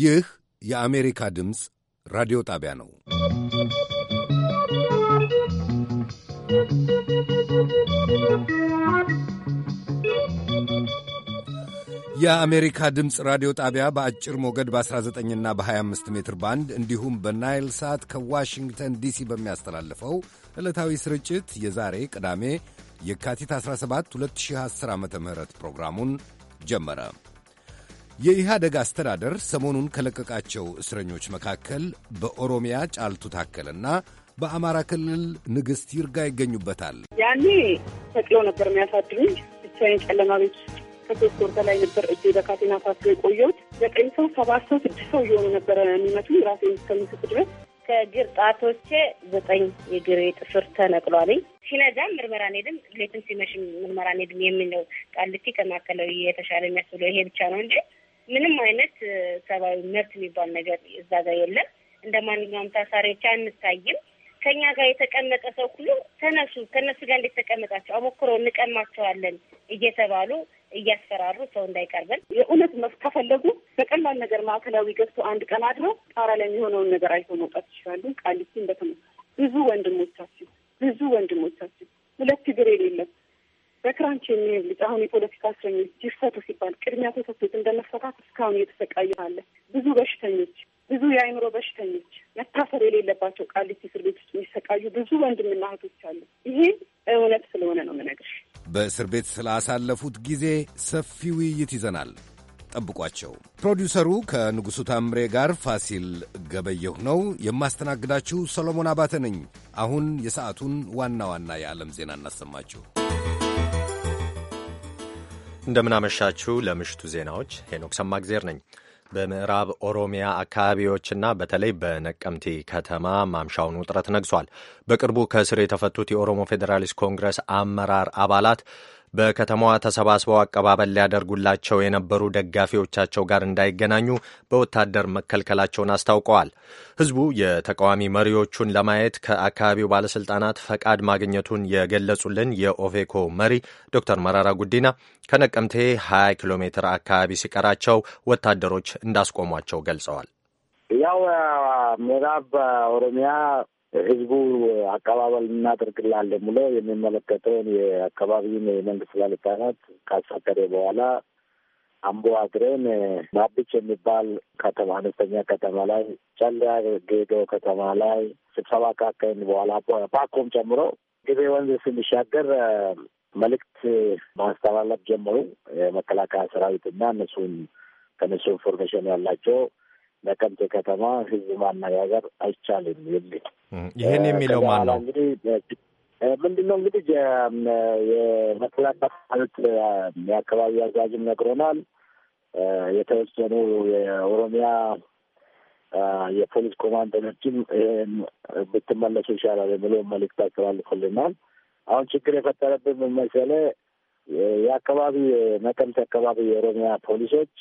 ይህ የአሜሪካ ድምፅ ራዲዮ ጣቢያ ነው። የአሜሪካ ድምፅ ራዲዮ ጣቢያ በአጭር ሞገድ በ19ና በ25 ሜትር ባንድ እንዲሁም በናይል ሳት ከዋሽንግተን ዲሲ በሚያስተላልፈው ዕለታዊ ስርጭት የዛሬ ቅዳሜ የካቲት 17 2010 ዓ ም ፕሮግራሙን ጀመረ። የኢህአደግ አስተዳደር ሰሞኑን ከለቀቃቸው እስረኞች መካከል በኦሮሚያ ጫልቱ ታከልና በአማራ ክልል ንግሥት ይርጋ ይገኙበታል። ያኔ ተጥሎ ነበር የሚያሳድሩኝ ብቻዬን ጨለማ ቤት ከሶስት ወር በላይ ነበር እጅ በካቴና ታስሮ የቆየሁት። ዘጠኝ ሰው፣ ሰባት ሰው፣ ስድስት ሰው እየሆኑ ነበረ የሚመቱ ራሴን እስከምስት ድረስ ከግር ጣቶቼ ዘጠኝ የግሬ ጥፍር ተነቅሏልኝ። ሲነጋም ምርመራ ኔድም ሌትም ሲመሽም ምርመራ ኔድም የሚለው ቃልቲ ከማዕከላዊ የተሻለ የሚያስብለው ይሄ ብቻ ነው እንጂ ምንም አይነት ሰብአዊ መብት የሚባል ነገር እዛ ጋር የለም። እንደ ማንኛውም ታሳሪዎች አንታይም። ከኛ ጋር የተቀመጠ ሰው ሁሉ ተነሱ፣ ከነሱ ጋር እንዴት ተቀመጣቸው? አሞክሮ እንቀማቸዋለን እየተባሉ እያስፈራሩ ሰው እንዳይቀርበን። የእውነት መብት ከፈለጉ በቀላል ነገር ማዕከላዊ ገብቶ አንድ ቀን አድሮ ጣራ ላይ የሚሆነውን ነገር አይቶ መውጣት ይችላሉ። ቃሊቲን እንደተመ ብዙ ወንድሞቻችን ብዙ ወንድሞቻችን ሁለት እግር የሌለም በክራንች የሚሄድ ልጅ አሁን የፖለቲካ እስረኞች ይፈቱ ሲባል ቅድሚያ ተሰጥቶት እንደመፈታት እስካሁን እየተሰቃየ አለ። ብዙ በሽተኞች፣ ብዙ የአእምሮ በሽተኞች መታሰር የሌለባቸው ቃሊቲ እስር ቤት ውስጥ የሚሰቃዩ ብዙ ወንድምና እህቶች አሉ። ይሄ እውነት ስለሆነ ነው የምነግርሽ። በእስር ቤት ስላሳለፉት ጊዜ ሰፊ ውይይት ይዘናል። ጠብቋቸው። ፕሮዲውሰሩ ከንጉሡ ታምሬ ጋር ፋሲል ገበየሁ ነው የማስተናግዳችሁ። ሰሎሞን አባተ ነኝ። አሁን የሰዓቱን ዋና ዋና የዓለም ዜና እናሰማችሁ። እንደምናመሻችሁ። ለምሽቱ ዜናዎች ሄኖክ ሰማግዜር ነኝ። በምዕራብ ኦሮሚያ አካባቢዎችና በተለይ በነቀምቴ ከተማ ማምሻውን ውጥረት ነግሷል። በቅርቡ ከእስር የተፈቱት የኦሮሞ ፌዴራሊስት ኮንግረስ አመራር አባላት በከተማዋ ተሰባስበው አቀባበል ሊያደርጉላቸው የነበሩ ደጋፊዎቻቸው ጋር እንዳይገናኙ በወታደር መከልከላቸውን አስታውቀዋል። ህዝቡ የተቃዋሚ መሪዎቹን ለማየት ከአካባቢው ባለሥልጣናት ፈቃድ ማግኘቱን የገለጹልን የኦፌኮ መሪ ዶክተር መራራ ጉዲና ከነቀምቴ 20 ኪሎ ሜትር አካባቢ ሲቀራቸው ወታደሮች እንዳስቆሟቸው ገልጸዋል። ያው ምዕራብ ኦሮሚያ ህዝቡ አቀባበል እናደርግላለን ብሎ የሚመለከተውን የአካባቢውን የመንግስት ባለስልጣናት ካሳከደ በኋላ አምቦ አድረን ማብች የሚባል ከተማ አነስተኛ ከተማ ላይ ጨለያ ጌዶ ከተማ ላይ ስብሰባ ካካሄድን በኋላ ፓኮም ጨምሮ ጊቤ ወንዝ ስንሻገር መልእክት ማስተላለፍ ጀመሩ። የመከላከያ ሰራዊትና እነሱን ከነሱ ኢንፎርሜሽን ያላቸው ነቀምቴ ከተማ ህዝብ ማነጋገር አይቻልም የሚል ይህን የሚለው ማን ነው? እንግዲህ ምንድን ነው እንግዲህ የመከላከያ የአካባቢ አዛዥም ነግሮናል። የተወሰኑ የኦሮሚያ የፖሊስ ኮማንደሮችም ይህን ብትመለሱ ይሻላል የሚለው መልእክት አስተላልፎልናል። አሁን ችግር የፈጠረብን መሰለ የአካባቢ ነቀምቴ አካባቢ የኦሮሚያ ፖሊሶች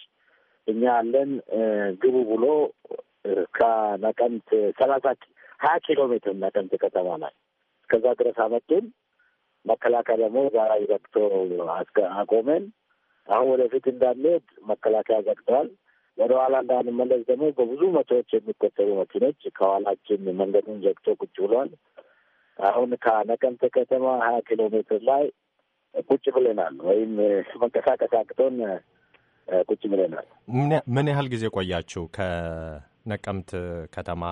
እኛ አለን ግቡ ብሎ ከነቀምት ሰላሳ ሀያ ኪሎ ሜትር ነቀምት ከተማ ላይ እስከዛ ድረስ አመጡን። መከላከያ ደግሞ ዛራ ዘግቶ አቆመን። አሁን ወደፊት እንዳንሄድ መከላከያ ዘግተዋል። ወደ ኋላ እንዳንመለስ ደግሞ በብዙ መቶዎች የሚቆጠሩ መኪኖች ከኋላችን መንገዱን ዘግቶ ቁጭ ብሏል። አሁን ከነቀምት ከተማ ሀያ ኪሎ ሜትር ላይ ቁጭ ብለናል፣ ወይም መንቀሳቀስ አቅቶን ቁጭ ብለናል። ምን ያህል ጊዜ ቆያችሁ? ከነቀምት ከተማ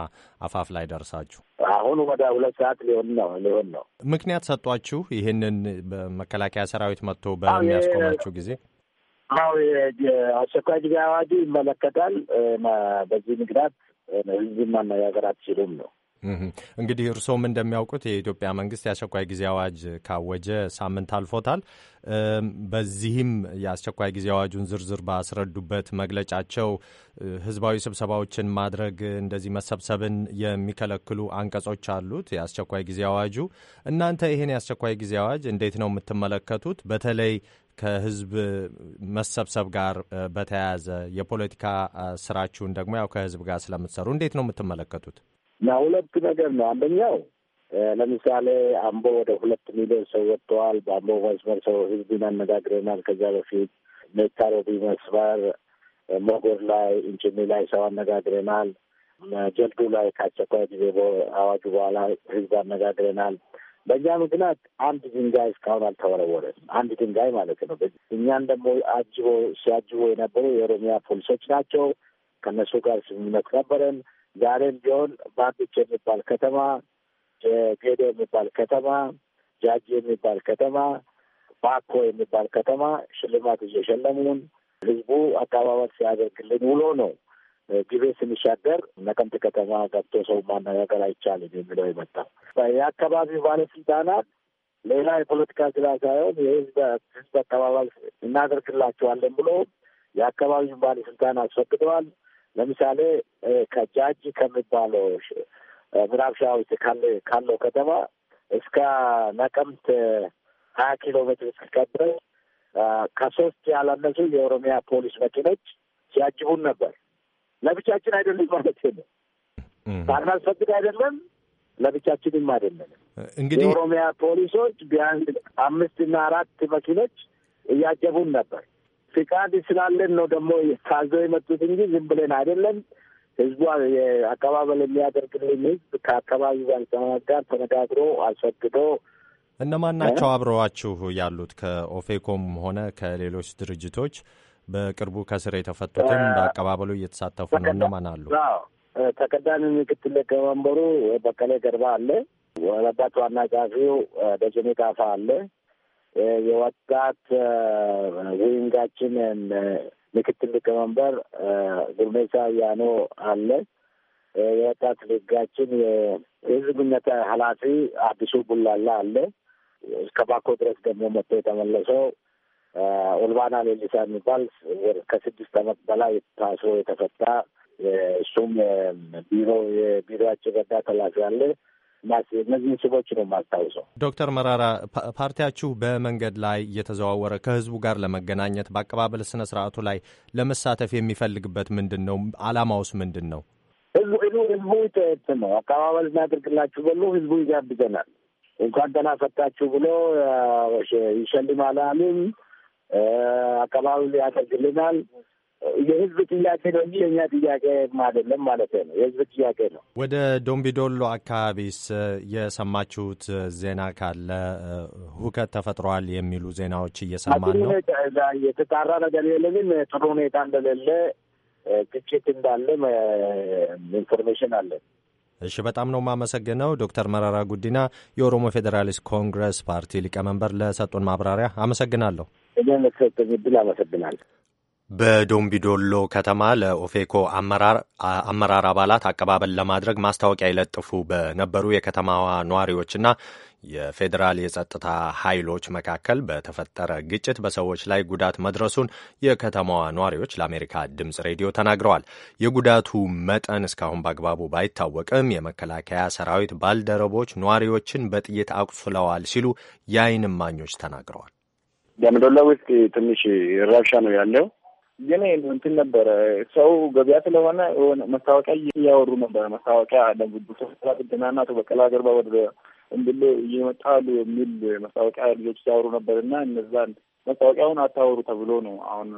አፋፍ ላይ ደርሳችሁ? አሁን ወደ ሁለት ሰዓት ሊሆን ነው ሊሆን ነው። ምክንያት ሰጧችሁ? ይህንን መከላከያ ሰራዊት መጥቶ በሚያስቆማችሁ ጊዜ አው አስቸኳይ ጊዜ አዋጅ ይመለከታል። በዚህ ምክንያት ህዝብ ማነጋገር አትችሉም ነው እንግዲህ እርስዎም እንደሚያውቁት የኢትዮጵያ መንግስት የአስቸኳይ ጊዜ አዋጅ ካወጀ ሳምንት አልፎታል። በዚህም የአስቸኳይ ጊዜ አዋጁን ዝርዝር ባስረዱበት መግለጫቸው ህዝባዊ ስብሰባዎችን ማድረግ፣ እንደዚህ መሰብሰብን የሚከለክሉ አንቀጾች አሉት የአስቸኳይ ጊዜ አዋጁ። እናንተ ይህን የአስቸኳይ ጊዜ አዋጅ እንዴት ነው የምትመለከቱት? በተለይ ከህዝብ መሰብሰብ ጋር በተያያዘ የፖለቲካ ስራችሁን ደግሞ ያው ከህዝብ ጋር ስለምትሰሩ እንዴት ነው የምትመለከቱት? እና ነገር ነው። አንደኛው ለምሳሌ አምቦ ወደ ሁለት ሚሊዮን ሰው ወጥተዋል። በአምቦ መስመር ሰው ህዝብን አነጋግረናል። ከዚያ በፊት ሜታሮቢ መስመር ሞጎር ላይ እንጭኒ ላይ ሰው አነጋግረናል። ጀልዱ ላይ ከአስቸኳይ ጊዜ አዋጁ በኋላ ህዝብ አነጋግረናል። በእኛ ምክንያት አንድ ድንጋይ እስካሁን አልተወረወረም። አንድ ድንጋይ ማለት ነው። እኛን ደግሞ አጅቦ ሲያጅቦ የነበሩ የኦሮሚያ ፖሊሶች ናቸው። ከእነሱ ጋር ስምምነት ነበረን። ዛሬም ቢሆን ባንድች የሚባል ከተማ፣ ጌዶ የሚባል ከተማ፣ ጃጅ የሚባል ከተማ፣ ባኮ የሚባል ከተማ ሽልማት እየሸለሙን ህዝቡ አቀባበል ሲያደርግልን ውሎ ነው። ግቤ ስንሻገር ነቀምት ከተማ ገብቶ ሰው ማነጋገር አይቻልም የሚለው የመጣው የአካባቢው ባለስልጣናት ሌላ የፖለቲካ ስራ ሳይሆን የህዝብ አቀባበል እናደርግላቸዋለን ብሎ የአካባቢውን ባለስልጣን አስፈቅደዋል። ለምሳሌ ከጃጅ ከሚባለው ምዕራብ ካለው ከተማ እስከ ነቀምት ሀያ ኪሎ ሜትር እስኪቀር ከሶስት ያላነሱ የኦሮሚያ ፖሊስ መኪኖች ሲያጅቡን ነበር። ለብቻችን አይደለም ማለት ነው። ሳናስፈቅድ አይደለም፣ ለብቻችንም አይደለንም። እንግዲህ የኦሮሚያ ፖሊሶች ቢያንስ አምስትና አራት መኪኖች እያጀቡን ነበር። ፍቃድ ስላለን ነው ደግሞ ታዘው የመጡት እንጂ ዝም ብለን አይደለም። ህዝቡ አቀባበል የሚያደርግልን ህዝብ ከአካባቢ ባለስልጣናት ጋር ተነጋግሮ አስፈቅዶ እነማን ናቸው አብረዋችሁ ያሉት? ከኦፌኮም ሆነ ከሌሎች ድርጅቶች በቅርቡ ከስር የተፈቱትም በአቀባበሉ እየተሳተፉ ነው። እነማን አሉ? ተቀዳሚ ምክትል ሊቀመንበሩ በቀለ ገርባ አለ። ረዳት ዋና ጸሐፊው ደጀኔ ጣፋ አለ። የወጣት ውይንጋችን ምክትል ሊቀመንበር ጉርሜሳ ያኖ አለ። የወጣት ሊጋችን የህዝብነት ኃላፊ አዲሱ ቡላላ አለ። እስከ ባኮ ድረስ ደግሞ መጥቶ የተመለሰው ኦልባና ሌሊሳ የሚባል ከስድስት አመት በላይ ታስሮ የተፈታ እሱም ቢሮ የቢሮአቸው ረዳት ኃላፊ አለ። እነዚህን ስቦች ነው የማስታውሰው። ዶክተር መራራ ፓርቲያችሁ በመንገድ ላይ እየተዘዋወረ ከህዝቡ ጋር ለመገናኘት በአቀባበል ስነ ስርዓቱ ላይ ለመሳተፍ የሚፈልግበት ምንድን ነው? አላማውስ ምንድን ነው? ህዝቡ ይጠየት ነው። አቀባበል እናድርግላችሁ በሉ ህዝቡ ይጋብዘናል። እንኳን ደህና ፈታችሁ ብሎ ይሸልማል አቀባበል ያደርግልናል። የህዝብ ጥያቄ ነው እንጂ የእኛ ጥያቄ አይደለም ማለት ነው። የህዝብ ጥያቄ ነው። ወደ ዶምቢዶሎ አካባቢስ የሰማችሁት ዜና ካለ ሁከት ተፈጥሯል የሚሉ ዜናዎች እየሰማን ነው። የተጣራ ነገር የለንም። ጥሩ ሁኔታ እንደሌለ፣ ግጭት እንዳለ ኢንፎርሜሽን አለን። እሺ፣ በጣም ነው የማመሰግነው ዶክተር መረራ ጉዲና የኦሮሞ ፌዴራሊስት ኮንግረስ ፓርቲ ሊቀመንበር ለሰጡን ማብራሪያ አመሰግናለሁ። እኔ መሰጠኝ እድል አመሰግናለሁ። በዶምቢዶሎ ከተማ ለኦፌኮ አመራር አባላት አቀባበል ለማድረግ ማስታወቂያ ይለጥፉ በነበሩ የከተማዋ ነዋሪዎችና የፌዴራል የጸጥታ ኃይሎች መካከል በተፈጠረ ግጭት በሰዎች ላይ ጉዳት መድረሱን የከተማዋ ነዋሪዎች ለአሜሪካ ድምፅ ሬዲዮ ተናግረዋል። የጉዳቱ መጠን እስካሁን በአግባቡ ባይታወቅም የመከላከያ ሰራዊት ባልደረቦች ነዋሪዎችን በጥይት አቁስለዋል ሲሉ የአይን እማኞች ተናግረዋል። ዳምዶላ ውስጥ ትንሽ ረብሻ ነው ያለው ግን እንትን ነበረ ሰው ገበያ ስለሆነ መታወቂያ እያወሩ ነበረ። መታወቂያ ለጉዱ ብድናና አቶ በቀላ ገርባ ወደ እንድል እየመጣሉ የሚል መታወቂያ ልጆች ሲያወሩ ነበር እና እነዛን መታወቂያውን አታወሩ ተብሎ ነው አሁን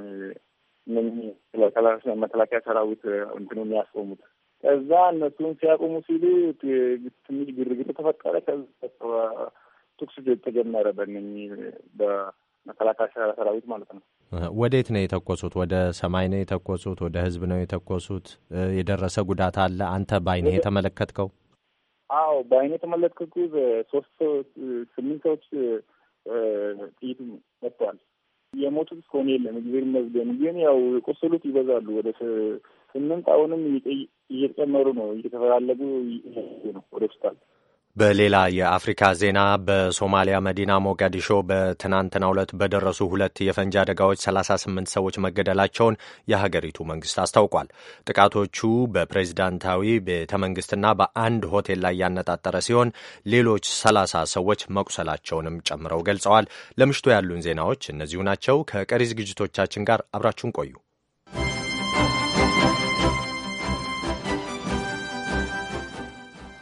መከላከያ ሰራዊት እንትኑ የሚያስቆሙት። ከዛ እነሱን ሲያቆሙ ሲሉ ትንሽ ግርግር ተፈጠረ። ከዛ ተኩስ ተጀመረ በእነኚህ በመከላከያ ሰራዊት ማለት ነው። ወዴት ነው የተኮሱት? ወደ ሰማይ ነው የተኮሱት? ወደ ህዝብ ነው የተኮሱት? የደረሰ ጉዳት አለ? አንተ በአይን የተመለከትከው? አዎ በአይን የተመለከትኩ ሶስት ስምንት ሰዎች ጥይት መጥተዋል። የሞቱት እስከሆነ የለም እግዜር ይመስገን። ግን ያው የቆሰሉት ይበዛሉ። ወደ ስምንት አሁንም እየጨመሩ ነው፣ እየተፈላለጉ ነው ወደ ሆስፒታል በሌላ የአፍሪካ ዜና በሶማሊያ መዲና ሞጋዲሾ በትናንትናው ዕለት በደረሱ ሁለት የፈንጂ አደጋዎች 38 ሰዎች መገደላቸውን የሀገሪቱ መንግስት አስታውቋል። ጥቃቶቹ በፕሬዝዳንታዊ ቤተ መንግስትና በአንድ ሆቴል ላይ ያነጣጠረ ሲሆን ሌሎች 30 ሰዎች መቁሰላቸውንም ጨምረው ገልጸዋል። ለምሽቱ ያሉን ዜናዎች እነዚሁ ናቸው። ከቀሪ ዝግጅቶቻችን ጋር አብራችሁን ቆዩ።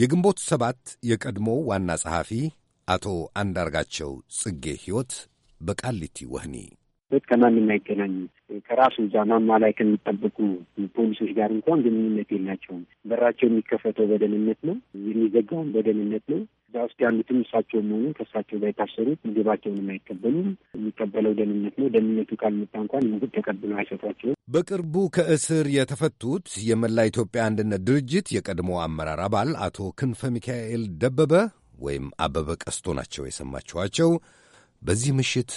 የግንቦት ሰባት የቀድሞ ዋና ጸሐፊ አቶ አንዳርጋቸው ጽጌ ሕይወት በቃሊቲ ወህኒ ከማንም አይገናኙም። ከራሱ እዛ ማማ ላይ ከሚጠበቁ ፖሊሶች ጋር እንኳን ግንኙነት የላቸውም። በራቸው የሚከፈተው በደህንነት ነው፣ የሚዘጋውን በደህንነት ነው። ዳውስጥ ያሉትም እሳቸው መሆኑ ከእሳቸው ጋር የታሰሩት ምግባቸውንም አይቀበሉም። የሚቀበለው ደህንነት ነው። ደህንነቱ ካልመጣ እንኳን ምግብ ተቀብሎ አይሰጧቸውም። በቅርቡ ከእስር የተፈቱት የመላ ኢትዮጵያ አንድነት ድርጅት የቀድሞ አመራር አባል አቶ ክንፈ ሚካኤል ደበበ ወይም አበበ ቀስቶ ናቸው የሰማችኋቸው። በዚህ ምሽት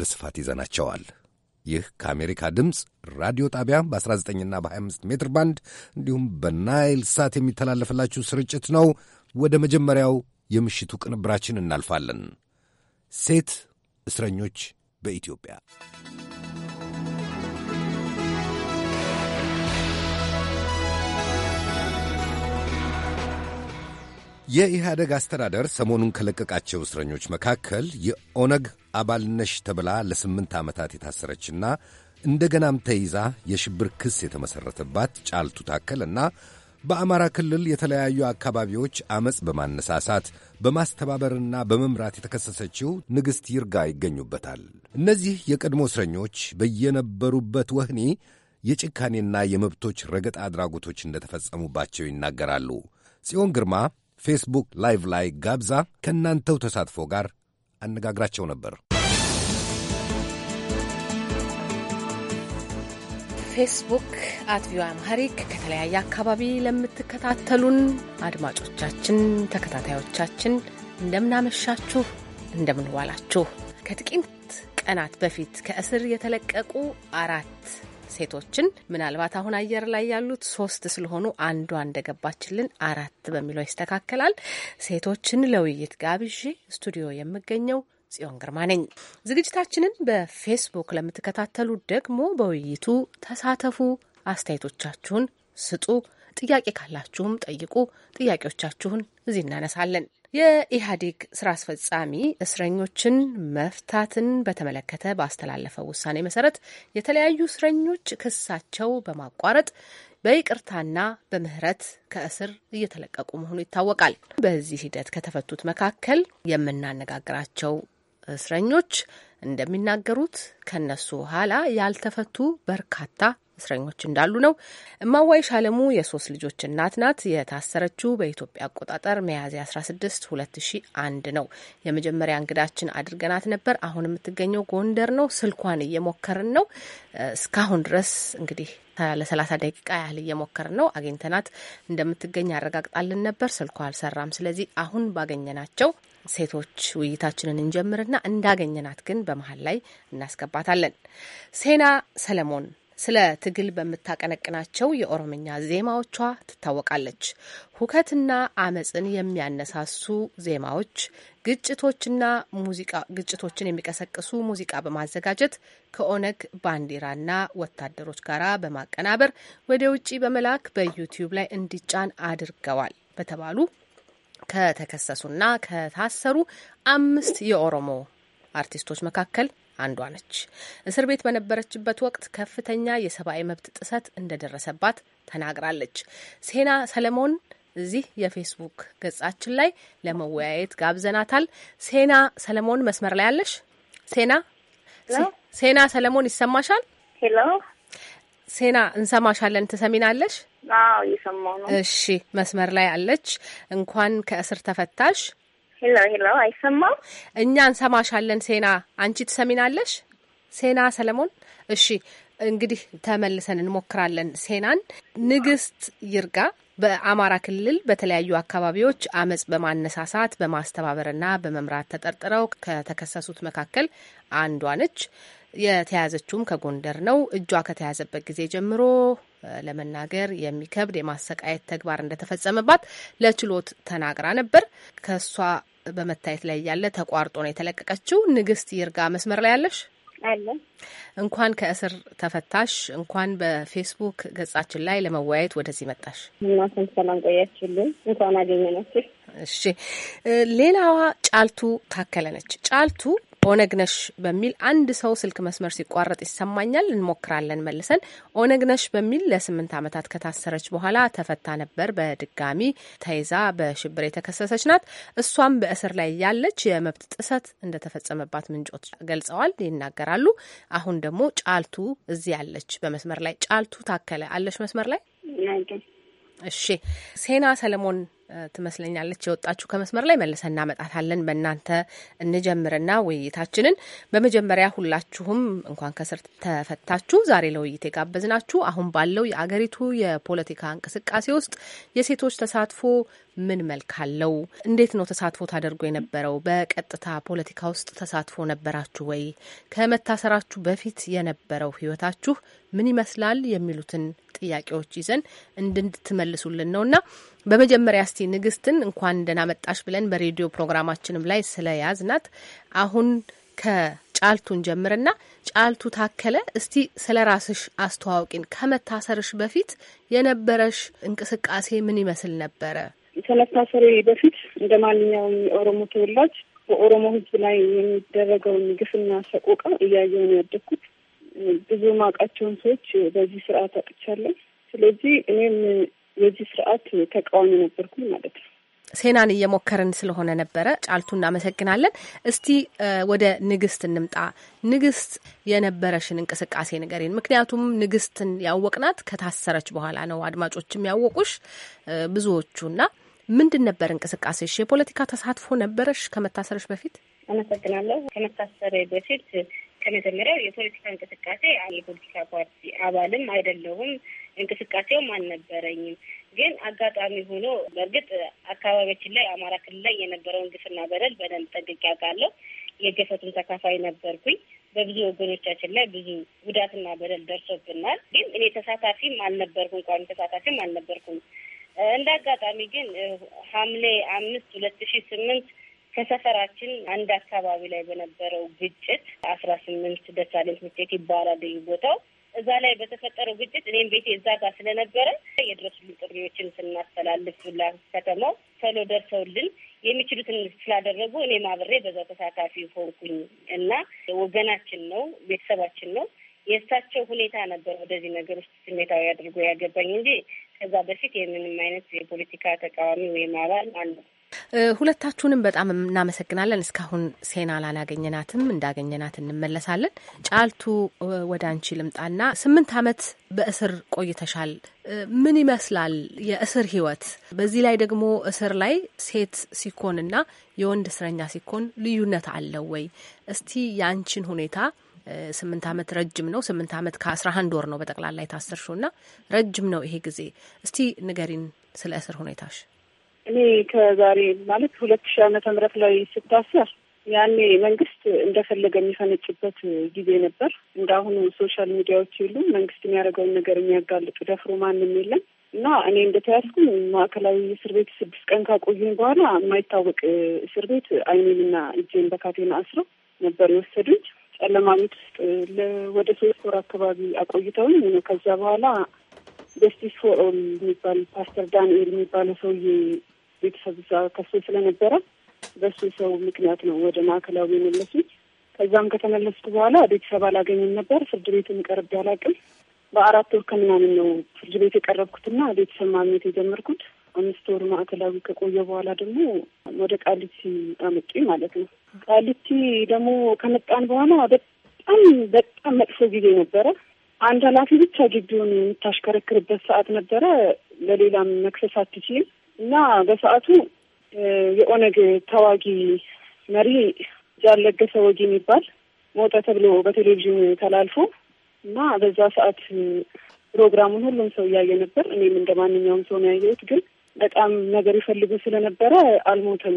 በስፋት ይዘናቸዋል። ይህ ከአሜሪካ ድምፅ ራዲዮ ጣቢያ በ19ና በ25 ሜትር ባንድ እንዲሁም በናይል ሳት የሚተላለፍላችሁ ስርጭት ነው። ወደ መጀመሪያው የምሽቱ ቅንብራችን እናልፋለን። ሴት እስረኞች በኢትዮጵያ የኢህአደግ አስተዳደር ሰሞኑን ከለቀቃቸው እስረኞች መካከል የኦነግ አባልነሽ ተብላ ለስምንት ዓመታት የታሰረችና እንደገናም ተይዛ የሽብር ክስ የተመሠረተባት ጫልቱ ታከልና በአማራ ክልል የተለያዩ አካባቢዎች አመፅ በማነሳሳት በማስተባበርና በመምራት የተከሰሰችው ንግሥት ይርጋ ይገኙበታል። እነዚህ የቀድሞ እስረኞች በየነበሩበት ወህኒ የጭካኔና የመብቶች ረገጣ አድራጎቶች እንደተፈጸሙባቸው ይናገራሉ። ጽዮን ግርማ ፌስቡክ ላይቭ ላይ ጋብዛ ከእናንተው ተሳትፎ ጋር አነጋግራቸው ነበር። በፌስቡክ አት ቪኦኤ አምሃሪክ ከተለያየ አካባቢ ለምትከታተሉን አድማጮቻችን፣ ተከታታዮቻችን እንደምናመሻችሁ፣ እንደምንዋላችሁ። ከጥቂት ቀናት በፊት ከእስር የተለቀቁ አራት ሴቶችን ምናልባት አሁን አየር ላይ ያሉት ሶስት ስለሆኑ አንዷ እንደገባችልን አራት በሚለው ይስተካከላል። ሴቶችን ለውይይት ጋብዤ ስቱዲዮ የምገኘው ጽዮን ግርማ ነኝ። ዝግጅታችንን በፌስቡክ ለምትከታተሉ ደግሞ በውይይቱ ተሳተፉ፣ አስተያየቶቻችሁን ስጡ፣ ጥያቄ ካላችሁም ጠይቁ። ጥያቄዎቻችሁን እዚህ እናነሳለን። የኢህአዴግ ስራ አስፈጻሚ እስረኞችን መፍታትን በተመለከተ ባስተላለፈው ውሳኔ መሰረት የተለያዩ እስረኞች ክሳቸው በማቋረጥ በይቅርታና በምህረት ከእስር እየተለቀቁ መሆኑ ይታወቃል። በዚህ ሂደት ከተፈቱት መካከል የምናነጋግራቸው እስረኞች እንደሚናገሩት ከነሱ ኋላ ያልተፈቱ በርካታ እስረኞች እንዳሉ ነው። እማዋይሽ አለሙ የሶስት ልጆች እናት ናት። የታሰረችው በኢትዮጵያ አቆጣጠር ሚያዝያ 16 2001 ነው። የመጀመሪያ እንግዳችን አድርገናት ነበር። አሁን የምትገኘው ጎንደር ነው። ስልኳን እየሞከርን ነው። እስካሁን ድረስ እንግዲህ ለ30 ደቂቃ ያህል እየሞከርን ነው። አግኝተናት እንደምትገኝ አረጋግጣልን ነበር። ስልኳ አልሰራም። ስለዚህ አሁን ባገኘናቸው ሴቶች ውይይታችንን እንጀምርና እንዳገኘናት ግን በመሀል ላይ እናስገባታለን። ሴና ሰለሞን ስለ ትግል በምታቀነቅናቸው የኦሮምኛ ዜማዎቿ ትታወቃለች። ሁከትና አመፅን የሚያነሳሱ ዜማዎች፣ ግጭቶችና ሙዚቃ ግጭቶችን የሚቀሰቅሱ ሙዚቃ በማዘጋጀት ከኦነግ ባንዲራና ወታደሮች ጋር በማቀናበር ወደ ውጭ በመላክ በዩቲዩብ ላይ እንዲጫን አድርገዋል በተባሉ ከተከሰሱና ከታሰሩ አምስት የኦሮሞ አርቲስቶች መካከል አንዷ ነች። እስር ቤት በነበረችበት ወቅት ከፍተኛ የሰብአዊ መብት ጥሰት እንደደረሰባት ተናግራለች። ሴና ሰለሞን እዚህ የፌስቡክ ገጻችን ላይ ለመወያየት ጋብዘናታል። ሴና ሰለሞን መስመር ላይ አለሽ? ሴና ሴና ሰለሞን ይሰማሻል? ሄሎ ሴና እንሰማሻለን፣ ትሰሚናለሽ? አዎ እየሰማሁ ነው። እሺ፣ መስመር ላይ አለች። እንኳን ከእስር ተፈታሽ። ሄሎ ሄሎ፣ አይሰማም? እኛ እንሰማሻለን ሴና፣ አንቺ ትሰሚናለሽ? ሴና ሰለሞን። እሺ፣ እንግዲህ ተመልሰን እንሞክራለን ሴናን። ንግስት ይርጋ በአማራ ክልል በተለያዩ አካባቢዎች አመፅ በማነሳሳት በማስተባበርና በመምራት ተጠርጥረው ከተከሰሱት መካከል አንዷ ነች። የተያዘችውም ከጎንደር ነው። እጇ ከተያዘበት ጊዜ ጀምሮ ለመናገር የሚከብድ የማሰቃየት ተግባር እንደተፈጸመባት ለችሎት ተናግራ ነበር። ከእሷ በመታየት ላይ ያለ ተቋርጦ ነው የተለቀቀችው። ንግስት ይርጋ መስመር ላይ ያለሽ? እንኳን ከእስር ተፈታሽ፣ እንኳን በፌስቡክ ገጻችን ላይ ለመወያየት ወደዚህ መጣሽ። እናንተም ሰላም ቆያችሁልን፣ እንኳን አገኘናችሁ። እሺ ሌላዋ ጫልቱ ታከለነች። ጫልቱ ኦነግ ነሽ በሚል አንድ ሰው ስልክ መስመር ሲቋረጥ ይሰማኛል። እንሞክራለን መልሰን። ኦነግ ነሽ በሚል ለስምንት ዓመታት ከታሰረች በኋላ ተፈታ ነበር። በድጋሚ ተይዛ በሽብር የተከሰሰች ናት። እሷም በእስር ላይ ያለች የመብት ጥሰት እንደተፈጸመባት ምንጮች ገልጸዋል፣ ይናገራሉ። አሁን ደግሞ ጫልቱ እዚህ ያለች በመስመር ላይ ጫልቱ ታከለ አለች መስመር ላይ እሺ ሴና ሰለሞን ትመስለኛለች የወጣችሁ ከመስመር ላይ መልሰ እናመጣታለን። በእናንተ እንጀምርና ውይይታችንን በመጀመሪያ ሁላችሁም እንኳን ከስር ተፈታችሁ ዛሬ ለውይይት የጋበዝናችሁ አሁን ባለው የአገሪቱ የፖለቲካ እንቅስቃሴ ውስጥ የሴቶች ተሳትፎ ምን መልክ አለው? እንዴት ነው ተሳትፎ ታደርጎ የነበረው? በቀጥታ ፖለቲካ ውስጥ ተሳትፎ ነበራችሁ ወይ? ከመታሰራችሁ በፊት የነበረው ህይወታችሁ ምን ይመስላል? የሚሉትን ጥያቄዎች ይዘን እንድትመልሱልን ነውና በመጀመሪያ እስቲ ንግስትን እንኳን ደህና መጣሽ ብለን በሬዲዮ ፕሮግራማችንም ላይ ስለያዝናት አሁን ከጫልቱን ጀምርና ጫልቱ ታከለ እስቲ ስለ ራስሽ አስተዋውቂን። ከመታሰርሽ በፊት የነበረሽ እንቅስቃሴ ምን ይመስል ነበረ? ከመታሰሬ በፊት እንደ ማንኛውም የኦሮሞ ተወላጅ በኦሮሞ ሕዝብ ላይ የሚደረገውን ግፍና ሰቆቃ እያየሁ ነው ያደግኩት። ብዙ ማውቃቸውን ሰዎች በዚህ ስርዓት አጥቻለሁ። ስለዚህ እኔም የዚህ ስርዓት ተቃዋሚ ነበርኩኝ ማለት ነው። ሴናን እየሞከርን ስለሆነ ነበረ። ጫልቱ እናመሰግናለን። እስቲ ወደ ንግስት እንምጣ። ንግስት የነበረሽን እንቅስቃሴ ንገሪን። ምክንያቱም ንግስትን ያወቅናት ከታሰረች በኋላ ነው አድማጮችም ያወቁሽ ብዙዎቹና ምንድን ነበር እንቅስቃሴሽ? የፖለቲካ ተሳትፎ ነበረሽ ከመታሰርሽ በፊት? አመሰግናለሁ። ከመታሰሬ በፊት ከመጀመሪያው የፖለቲካ እንቅስቃሴ የፖለቲካ ፓርቲ አባልም አይደለሁም፣ እንቅስቃሴውም አልነበረኝም። ግን አጋጣሚ ሆኖ በእርግጥ አካባቢያችን ላይ አማራ ክልል ላይ የነበረውን ግፍና በደል በደንብ ጠንቅቄ አውቃለሁ። የገፈቱን ተካፋይ ነበርኩኝ። በብዙ ወገኖቻችን ላይ ብዙ ጉዳትና በደል ደርሶብናል። ግን እኔ ተሳታፊም አልነበርኩም፣ ቋሚ ተሳታፊም አልነበርኩም። እንደ አጋጣሚ ግን ሐምሌ አምስት ሁለት ሺ ስምንት ከሰፈራችን አንድ አካባቢ ላይ በነበረው ግጭት አስራ ስምንት ደሳለኝ ምቼት ይባላል ልዩ ቦታው እዛ ላይ በተፈጠረው ግጭት እኔም ቤቴ እዛ ጋር ስለነበረ የድረሱልን ጥሪዎችን ስናስተላልፍ ከተማው ቶሎ ደርሰውልን የሚችሉትን ስላደረጉ እኔም ማብሬ በዛ ተሳታፊ ሆንኩኝ እና ወገናችን ነው፣ ቤተሰባችን ነው። የእሳቸው ሁኔታ ነበር ወደዚህ ነገር ውስጥ ስሜታዊ አድርጎ ያገባኝ እንጂ ከዛ በፊት የምንም አይነት የፖለቲካ ተቃዋሚ ወይም አባል አሉ። ሁለታችሁንም በጣም እናመሰግናለን። እስካሁን ሴና ላላገኘናትም እንዳገኘናት እንመለሳለን። ጫልቱ ወደ አንቺ ልምጣና ስምንት ዓመት በእስር ቆይተሻል። ምን ይመስላል የእስር ህይወት? በዚህ ላይ ደግሞ እስር ላይ ሴት ሲኮንና የወንድ እስረኛ ሲኮን ልዩነት አለው ወይ? እስቲ የአንቺን ሁኔታ ስምንት ዓመት ረጅም ነው። ስምንት ዓመት ከአስራ አንድ ወር ነው በጠቅላላ የታሰርሽው እና ረጅም ነው ይሄ ጊዜ። እስቲ ንገሪን ስለ እስር ሁኔታሽ። እኔ ከዛሬ ማለት ሁለት ሺህ ዓመተ ምህረት ላይ ስታሰር ያኔ መንግስት እንደፈለገ የሚፈነጭበት ጊዜ ነበር። እንደ አሁኑ ሶሻል ሚዲያዎች የሉም። መንግስት የሚያደርገውን ነገር የሚያጋልጡ ደፍሮ ማንም የለም እና እኔ እንደተያዝኩም ማዕከላዊ እስር ቤት ስድስት ቀን ካቆዩኝ በኋላ የማይታወቅ እስር ቤት አይኔንና እጄን በካቴና አስረው ነበር የወሰዱኝ። ጨለማ ቤት ውስጥ ወደ ሶስት ወር አካባቢ አቆይተውን ከዛ በኋላ ጀስቲስ ፎር ኦል የሚባል ፓስተር ዳንኤል የሚባለው ሰውዬ ቤተሰብ እዛ ከሶ ስለነበረ በሱ ሰው ምክንያት ነው ወደ ማዕከላዊ የመለሱኝ። ከዛም ከተመለስኩ በኋላ ቤተሰብ አላገኝም ነበር። ፍርድ ቤት የሚቀርብ አላውቅም። በአራት ወር ከምናምን ነው ፍርድ ቤት የቀረብኩትና ቤተሰብ ማግኘት የጀመርኩት። አምስት ወር ማዕከላዊ ከቆየ በኋላ ደግሞ ወደ ቃሊቲ አመጡኝ ማለት ነው። ቃሊቲ ደግሞ ከመጣን በኋላ በጣም በጣም መጥፎ ጊዜ ነበረ። አንድ ኃላፊ ብቻ ግቢውን የምታሽከረክርበት ሰዓት ነበረ። ለሌላም መክሰስ አትችልም እና በሰዓቱ የኦነግ ተዋጊ መሪ ጃን ወጊ የሚባል ሞተ ተብሎ በቴሌቪዥን ተላልፎ እና በዛ ሰዓት ፕሮግራሙን ሁሉም ሰው እያየ ነበር። እኔም እንደ ማንኛውም ሰው ነው ያየሁት። ግን በጣም ነገር ይፈልጉ ስለነበረ አልሞተም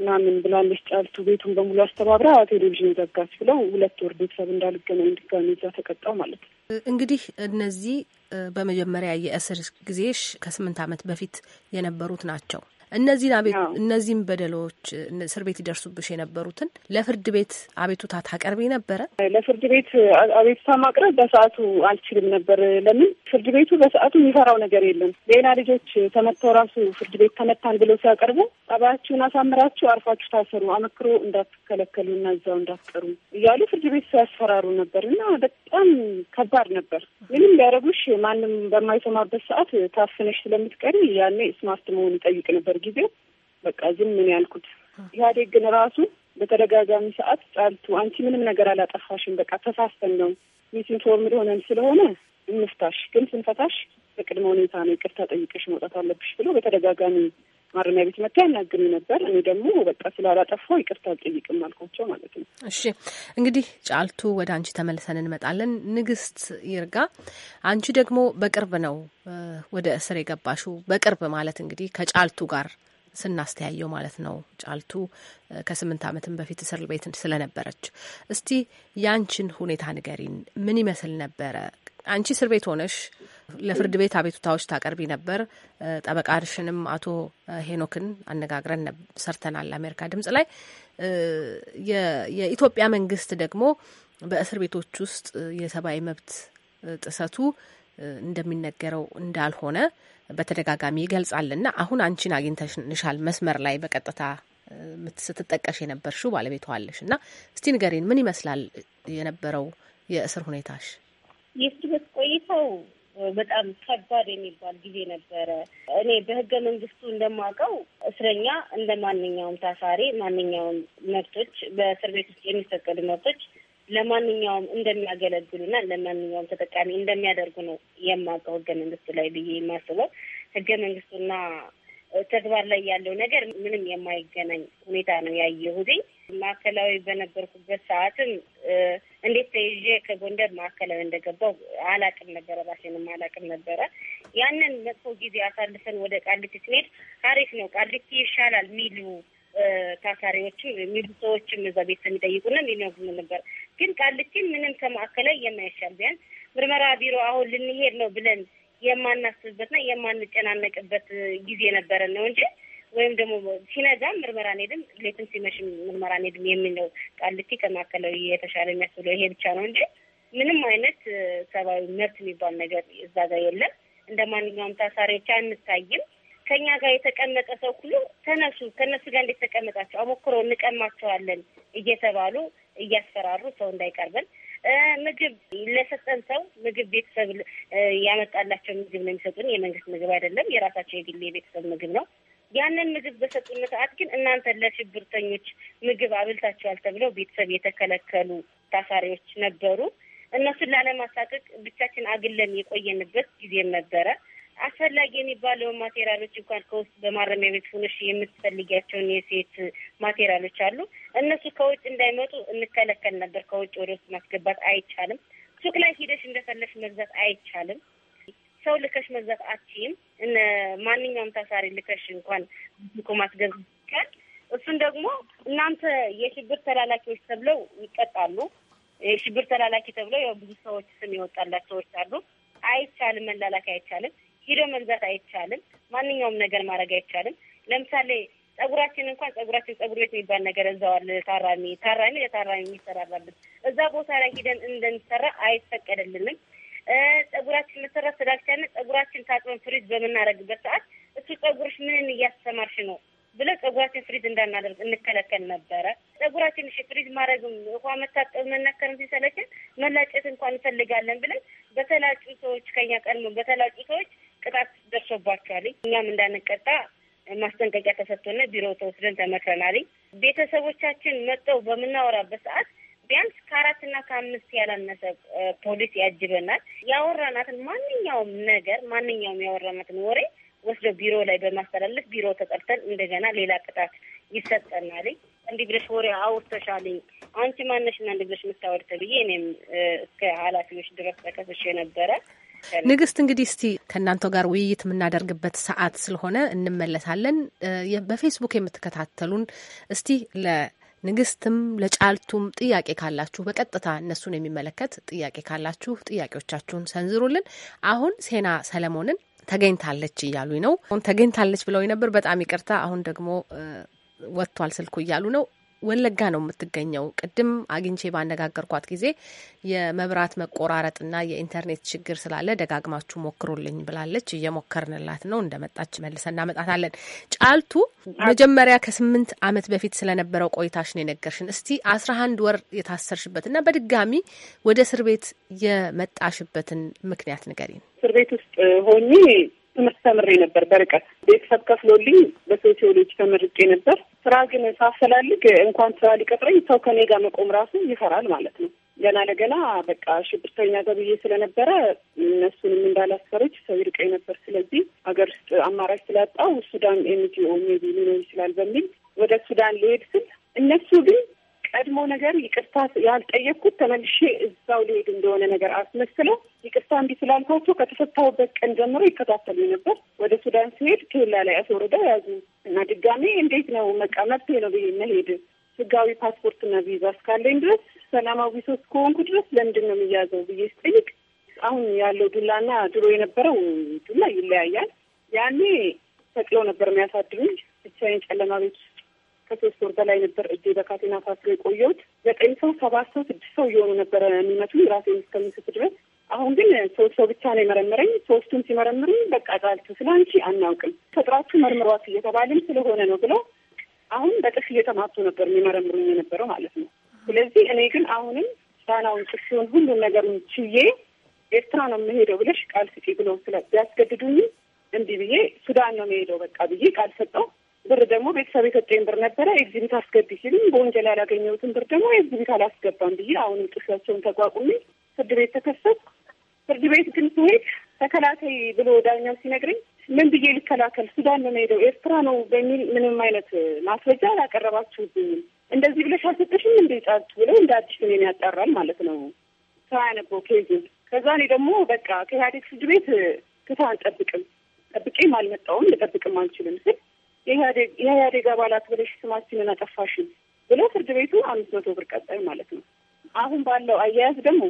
ምናምን ብላለች ጫልቱ። ቤቱን በሙሉ አስተባብራ ቴሌቪዥን ዘጋች ብለው ሁለት ወር ቤተሰብ እንዳልገናኝ ድጋሚ እዛ ተቀጣው ማለት ነው። እንግዲህ እነዚህ በመጀመሪያ የእስር ጊዜሽ ከስምንት ዓመት በፊት የነበሩት ናቸው። እነዚህን እነዚህም በደሎች እስር ቤት ይደርሱብሽ የነበሩትን ለፍርድ ቤት አቤቱታ ታቀርቢ ነበረ? ለፍርድ ቤት አቤቱታ ማቅረብ በሰዓቱ አልችልም ነበር። ለምን ፍርድ ቤቱ በሰዓቱ የሚፈራው ነገር የለም። ሌላ ልጆች ተመተው ራሱ ፍርድ ቤት ተመታን ብለው ሲያቀርቡ ጠባያችሁን አሳምራችሁ አርፋችሁ ታሰሩ፣ አመክሮ እንዳትከለከሉ እና እዛው እንዳትቀሩ እያሉ ፍርድ ቤት ሲያስፈራሩ ነበር እና በጣም ከባድ ነበር። ምንም ሊያደርጉሽ ማንም በማይሰማበት ሰዓት ታፍነሽ ስለምትቀሪ ያኔ ስማርት መሆን ይጠይቅ ነበር ጊዜ በቃ ዝም ምን ያልኩት። ኢህአዴግ ግን ራሱ በተደጋጋሚ ሰዓት ጫልቱ አንቺ ምንም ነገር አላጠፋሽም፣ በቃ ተሳስተን ነው ሚስኢንፎርምድ ሊሆነን ስለሆነ እንፍታሽ፣ ግን ስንፈታሽ በቅድመ ሁኔታ ነው ይቅርታ ጠይቀሽ መውጣት አለብሽ ብሎ በተደጋጋሚ ማረሚያ ቤት መጥተው ያናግሩኝ ነበር። እኔ ደግሞ በቃ ስላላጠፋው ይቅርታ አልጠይቅም አልኳቸው ማለት ነው። እሺ እንግዲህ ጫልቱ፣ ወደ አንቺ ተመልሰን እንመጣለን። ንግስት ይርጋ፣ አንቺ ደግሞ በቅርብ ነው ወደ እስር የገባሹ። በቅርብ ማለት እንግዲህ ከጫልቱ ጋር ስናስተያየው ማለት ነው። ጫልቱ ከስምንት ዓመትም በፊት እስር ቤት ስለነበረች እስቲ ያንቺን ሁኔታ ንገሪን። ምን ይመስል ነበረ? አንቺ እስር ቤት ሆነሽ ለፍርድ ቤት አቤቱታዎች ታቀርቢ ነበር። ጠበቃሽንም አቶ ሄኖክን አነጋግረን ሰርተናል አሜሪካ ድምጽ ላይ። የኢትዮጵያ መንግስት ደግሞ በእስር ቤቶች ውስጥ የሰብአዊ መብት ጥሰቱ እንደሚነገረው እንዳልሆነ በተደጋጋሚ ይገልጻልና አሁን አንቺን አግኝተንሻል መስመር ላይ በቀጥታ ስትጠቀሽ የነበርሽው ባለቤቷ አለሽ እና እስቲ ንገሪን ምን ይመስላል የነበረው የእስር ሁኔታሽ? የእስር ቤት ቆይታው በጣም ከባድ የሚባል ጊዜ ነበረ። እኔ በህገ መንግስቱ እንደማውቀው እስረኛ እንደ ማንኛውም ታሳሪ ማንኛውም መብቶች በእስር ቤት ውስጥ የሚፈቀዱ መብቶች ለማንኛውም እንደሚያገለግሉና ለማንኛውም ተጠቃሚ እንደሚያደርጉ ነው የማውቀው ህገ መንግስቱ ላይ ብዬ የማስበው ህገ መንግስቱና ተግባር ላይ ያለው ነገር ምንም የማይገናኝ ሁኔታ ነው ያየሁትኝ። ማዕከላዊ በነበርኩበት ሰዓትም እንዴት ተይዤ ከጎንደር ማዕከላዊ እንደገባው አላቅም ነበረ፣ ራሴንም አላቅም ነበረ። ያንን መጥፎ ጊዜ አሳልፈን ወደ ቃሊቲ ስንሄድ አሪፍ ነው ቃሊቲ ይሻላል ሚሉ ታሳሪዎችም የሚሉ ሰዎችም እዛ ቤት የሚጠይቁና የሚነግሩ ነበር። ግን ቃሊቲ ምንም ከማዕከላዊ የማይሻል ቢያንስ ምርመራ ቢሮ አሁን ልንሄድ ነው ብለን የማናስብበትና የማንጨናነቅበት ጊዜ ነበረን ነው እንጂ ወይም ደግሞ ሲነጋም ምርመራ እንሄድም ሌትም ሲመሽም ምርመራ እንሄድም የሚለው ቃልቲ ከማዕከላዊ የተሻለ የሚያስብለው ይሄ ብቻ ነው እንጂ ምንም አይነት ሰብአዊ መብት የሚባል ነገር እዛ ጋር የለም። እንደ ማንኛውም ታሳሪዎች አንታይም። ከኛ ጋር የተቀመጠ ሰው ሁሉ ተነሱ፣ ከነሱ ጋር እንዴት ተቀመጣቸው፣ አሞክሮ እንቀማቸዋለን እየተባሉ እያስፈራሩ ሰው እንዳይቀርበን ምግብ ለሰጠን ሰው ምግብ ቤተሰብ ያመጣላቸው ምግብ ነው የሚሰጡን። የመንግስት ምግብ አይደለም፣ የራሳቸው የግል የቤተሰብ ምግብ ነው። ያንን ምግብ በሰጡን ሰዓት ግን እናንተ ለሽብርተኞች ምግብ አብልታችኋል ተብለው ቤተሰብ የተከለከሉ ታሳሪዎች ነበሩ። እነሱን ላለማሳቀቅ ብቻችን አግለን የቆየንበት ጊዜም ነበረ። አስፈላጊ የሚባለው ማቴሪያሎች እንኳን ከውስጥ በማረሚያ ቤት ሆነሽ የምትፈልጊያቸውን የሴት ማቴሪያሎች አሉ። እነሱ ከውጭ እንዳይመጡ እንከለከል ነበር። ከውጭ ወደ ውስጥ ማስገባት አይቻልም። ሱቅ ላይ ሂደሽ እንደፈለሽ መግዛት አይቻልም። ሰው ልከሽ መግዛት አትችይም። እነ ማንኛውም ታሳሪ ልከሽ እንኳን ብኮ ማስገዛት ይቻል። እሱን ደግሞ እናንተ የሽብር ተላላኪዎች ተብለው ይቀጣሉ። የሽብር ተላላኪ ተብለው ያው ብዙ ሰዎች ስም ይወጣላት ሰዎች አሉ። አይቻልም፣ መላላክ አይቻልም። ሂዶ መግዛት አይቻልም። ማንኛውም ነገር ማድረግ አይቻልም። ለምሳሌ ጸጉራችን እንኳን ጸጉራችን ጸጉር ቤት የሚባል ነገር እዛው አለ። ታራሚ ታራሚ ለታራሚ የሚሰራራበት እዛ ቦታ ላይ ሂደን እንደንሰራ አይፈቀደልንም። ጸጉራችን መሰራ ስላልቻለ ጸጉራችን ታጥበን ፍሪዝ በምናደርግበት ሰዓት እሱ ጸጉርሽ ምንን እያስተማርሽ ነው ብለ ጸጉራችን ፍሪዝ እንዳናደርግ እንከለከል ነበረ። ጸጉራችን እሺ ፍሪዝ ማድረግም ውሃ መታጠብ መናከርም ሲሰለችን መላጨት እንኳን እንፈልጋለን ብለን በተላጩ ሰዎች ከኛ ቀድሞ በተላጩ ሰዎች ቅጣት ደርሶባቸዋል። እኛም እንዳንቀጣ ማስጠንቀቂያ ተሰጥቶነ ቢሮ ተወስደን ተመክረናል። ቤተሰቦቻችን መጠው በምናወራበት ሰዓት ቢያንስ ከአራትና ከአምስት ያላነሰ ፖሊስ ያጅበናል። ያወራናትን ማንኛውም ነገር ማንኛውም ያወራናትን ወሬ ወስዶ ቢሮ ላይ በማስተላለፍ ቢሮ ተጠርተን እንደገና ሌላ ቅጣት ይሰጠናል። እንዲህ ብለሽ ወሬ አውርተሻል፣ አንቺ ማነሽና እንዲህ ብለሽ የምታወሪ ተብዬ እኔም እስከ ኃላፊዎች ድረስ ተከስሼ ነበረ። ንግስት፣ እንግዲህ እስቲ ከእናንተ ጋር ውይይት የምናደርግበት ሰዓት ስለሆነ እንመለሳለን። በፌስቡክ የምትከታተሉን እስቲ ለንግስትም ለጫልቱም ጥያቄ ካላችሁ በቀጥታ እነሱን የሚመለከት ጥያቄ ካላችሁ ጥያቄዎቻችሁን ሰንዝሩልን። አሁን ሴና ሰለሞንን ተገኝታለች እያሉኝ ነው። አሁን ተገኝታለች ብለው ነበር። በጣም ይቅርታ። አሁን ደግሞ ወጥቷል ስልኩ እያሉ ነው። ወለጋ ነው የምትገኘው። ቅድም አግኝቼ ባነጋገርኳት ጊዜ የመብራት መቆራረጥና የኢንተርኔት ችግር ስላለ ደጋግማችሁ ሞክሩልኝ ብላለች። እየሞከርንላት ነው። እንደመጣች መልሰን እናመጣታለን። ጫልቱ፣ መጀመሪያ ከስምንት ዓመት በፊት ስለነበረው ቆይታሽን የነገርሽን። እስቲ አስራ አንድ ወር የታሰርሽበትና በድጋሚ ወደ እስር ቤት የመጣሽበትን ምክንያት ንገሪን። እስር ቤት ውስጥ ሆኜ ትምህርት ተምሬ ነበር። በርቀት ቤተሰብ ከፍሎልኝ በሶሲዮሎጂ ተመርቄ ነበር። ስራ ግን ሳፈላልግ እንኳን ስራ ሊቀጥረኝ ሰው ከኔ ጋር መቆም ራሱ ይፈራል ማለት ነው። ገና ለገና በቃ ሽብርተኛ ገብዬ ስለነበረ እነሱንም እንዳላሰሮች ሰው ይርቀኝ ነበር። ስለዚህ ሀገር ውስጥ አማራጭ ስላጣው ሱዳን ኤንጂኦ ሜቢ ሊኖር ይችላል በሚል ወደ ሱዳን ሊሄድ ስል እነሱ ግን ቀድሞ ነገር ይቅርታ ያልጠየቅኩት ተመልሼ እዛው ሊሄድ እንደሆነ ነገር አስመስለው ይቅርታ እንዲህ ስላልኳቸው ከተፈታሁበት ቀን ጀምሮ ይከታተሉ ነበር። ወደ ሱዳን ሲሄድ ኬላ ላይ አስወርደው ያዙ እና ድጋሜ እንዴት ነው መቀመጥ ነው ብዬ መሄድ ህጋዊ ፓስፖርትና ቪዛ እስካለኝ ድረስ ሰላማዊ ሰው እስከሆንኩ ድረስ ለምንድን ነው የሚያዘው ብዬ ስጠይቅ አሁን ያለው ዱላና ድሮ የነበረው ዱላ ይለያያል። ያኔ ተቅለው ነበር የሚያሳድሩኝ ብቻዬን ጨለማ ቤት ከሶስት ወር በላይ ነበር እጄ በካቴና ታስሮ የቆየሁት። ዘጠኝ ሰው ሰባት ሰው ስድስት ሰው እየሆኑ ነበረ የሚመቱ ራሴን እስከምስት ድረስ። አሁን ግን ሶስት ሰው ብቻ ነው የመረመረኝ። ሶስቱን ሲመረምሩኝ በቃ ጣልቱ ስለ አንቺ አናውቅም ተጥራችሁ መርምሯት እየተባለም ስለሆነ ነው ብለው አሁን በጥፍ እየተማቱ ነበር የሚመረምሩኝ የነበረው ማለት ነው። ስለዚህ እኔ ግን አሁንም ዳናውን ጥፊውን ሁሉን ነገሩን ችዬ ኤርትራ ነው የምሄደው ብለሽ ቃል ስጪ ብለው ስለ ቢያስገድዱኝ እንዲህ ብዬ ሱዳን ነው የምሄደው በቃ ብዬ ቃል ሰጠው። ብር ደግሞ ቤተሰብ የሰጠኝ ብር ነበረ። ኤግዚቢት አስገቢ ሲልም በወንጀል ያላገኘሁትን ብር ደግሞ ኤግዚቢት አላስገባም ብዬ አሁንም ጥሻቸውን ተቋቁሚ ፍርድ ቤት ተከሰስኩ። ፍርድ ቤት ግን ስሄድ ተከላከይ ብሎ ዳኛው ሲነግረኝ ምን ብዬ ልከላከል? ሱዳን ነው ሄደው ኤርትራ ነው በሚል ምንም አይነት ማስረጃ አላቀረባችሁብኝም። እንደዚህ ብለሽ አልሰጠሽም እንዴ ጫት ብለው እንደ አዲስ ስሜን ያጣራል ማለት ነው። ሰው ያነበው ኬዝ። ከዛ እኔ ደግሞ በቃ ከኢህአዴግ ፍርድ ቤት ፍትህ አልጠብቅም፣ ጠብቄም አልመጣውም ልጠብቅም አልችልም ስል የኢህአዴግ አባላት ብለሽ ስማችንን አጠፋሽን ብሎ ፍርድ ቤቱ አምስት መቶ ብር ቀጣይ ማለት ነው። አሁን ባለው አያያዝ ደግሞ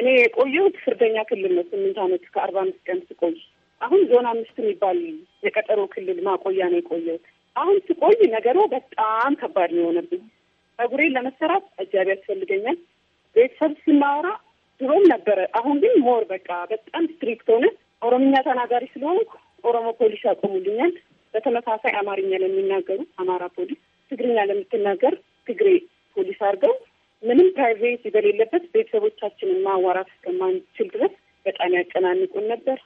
እኔ የቆየሁት ፍርደኛ ክልል ነው። ስምንት አመት ከአርባ አምስት ቀን ስቆይ አሁን ዞን አምስት የሚባል የቀጠሮ ክልል ማቆያ ነው የቆየሁት። አሁን ስቆይ ነገሩ በጣም ከባድ ነው የሆነብኝ። ጸጉሬን ለመሰራት አጃቢ ያስፈልገኛል። ቤተሰብ ስናወራ ድሮም ነበረ። አሁን ግን ሞር በቃ በጣም ስትሪክት ሆነ። ኦሮምኛ ተናጋሪ ስለሆንኩ ኦሮሞ ፖሊስ ያቆሙልኛል። በተመሳሳይ አማርኛ ለሚናገሩ አማራ ፖሊስ፣ ትግርኛ ለምትናገር ትግሬ ፖሊስ አድርገው ምንም ፕራይቬሲ በሌለበት ቤተሰቦቻችንን ማዋራት እስከማንችል ድረስ በጣም ያጨናንቁን ነበር።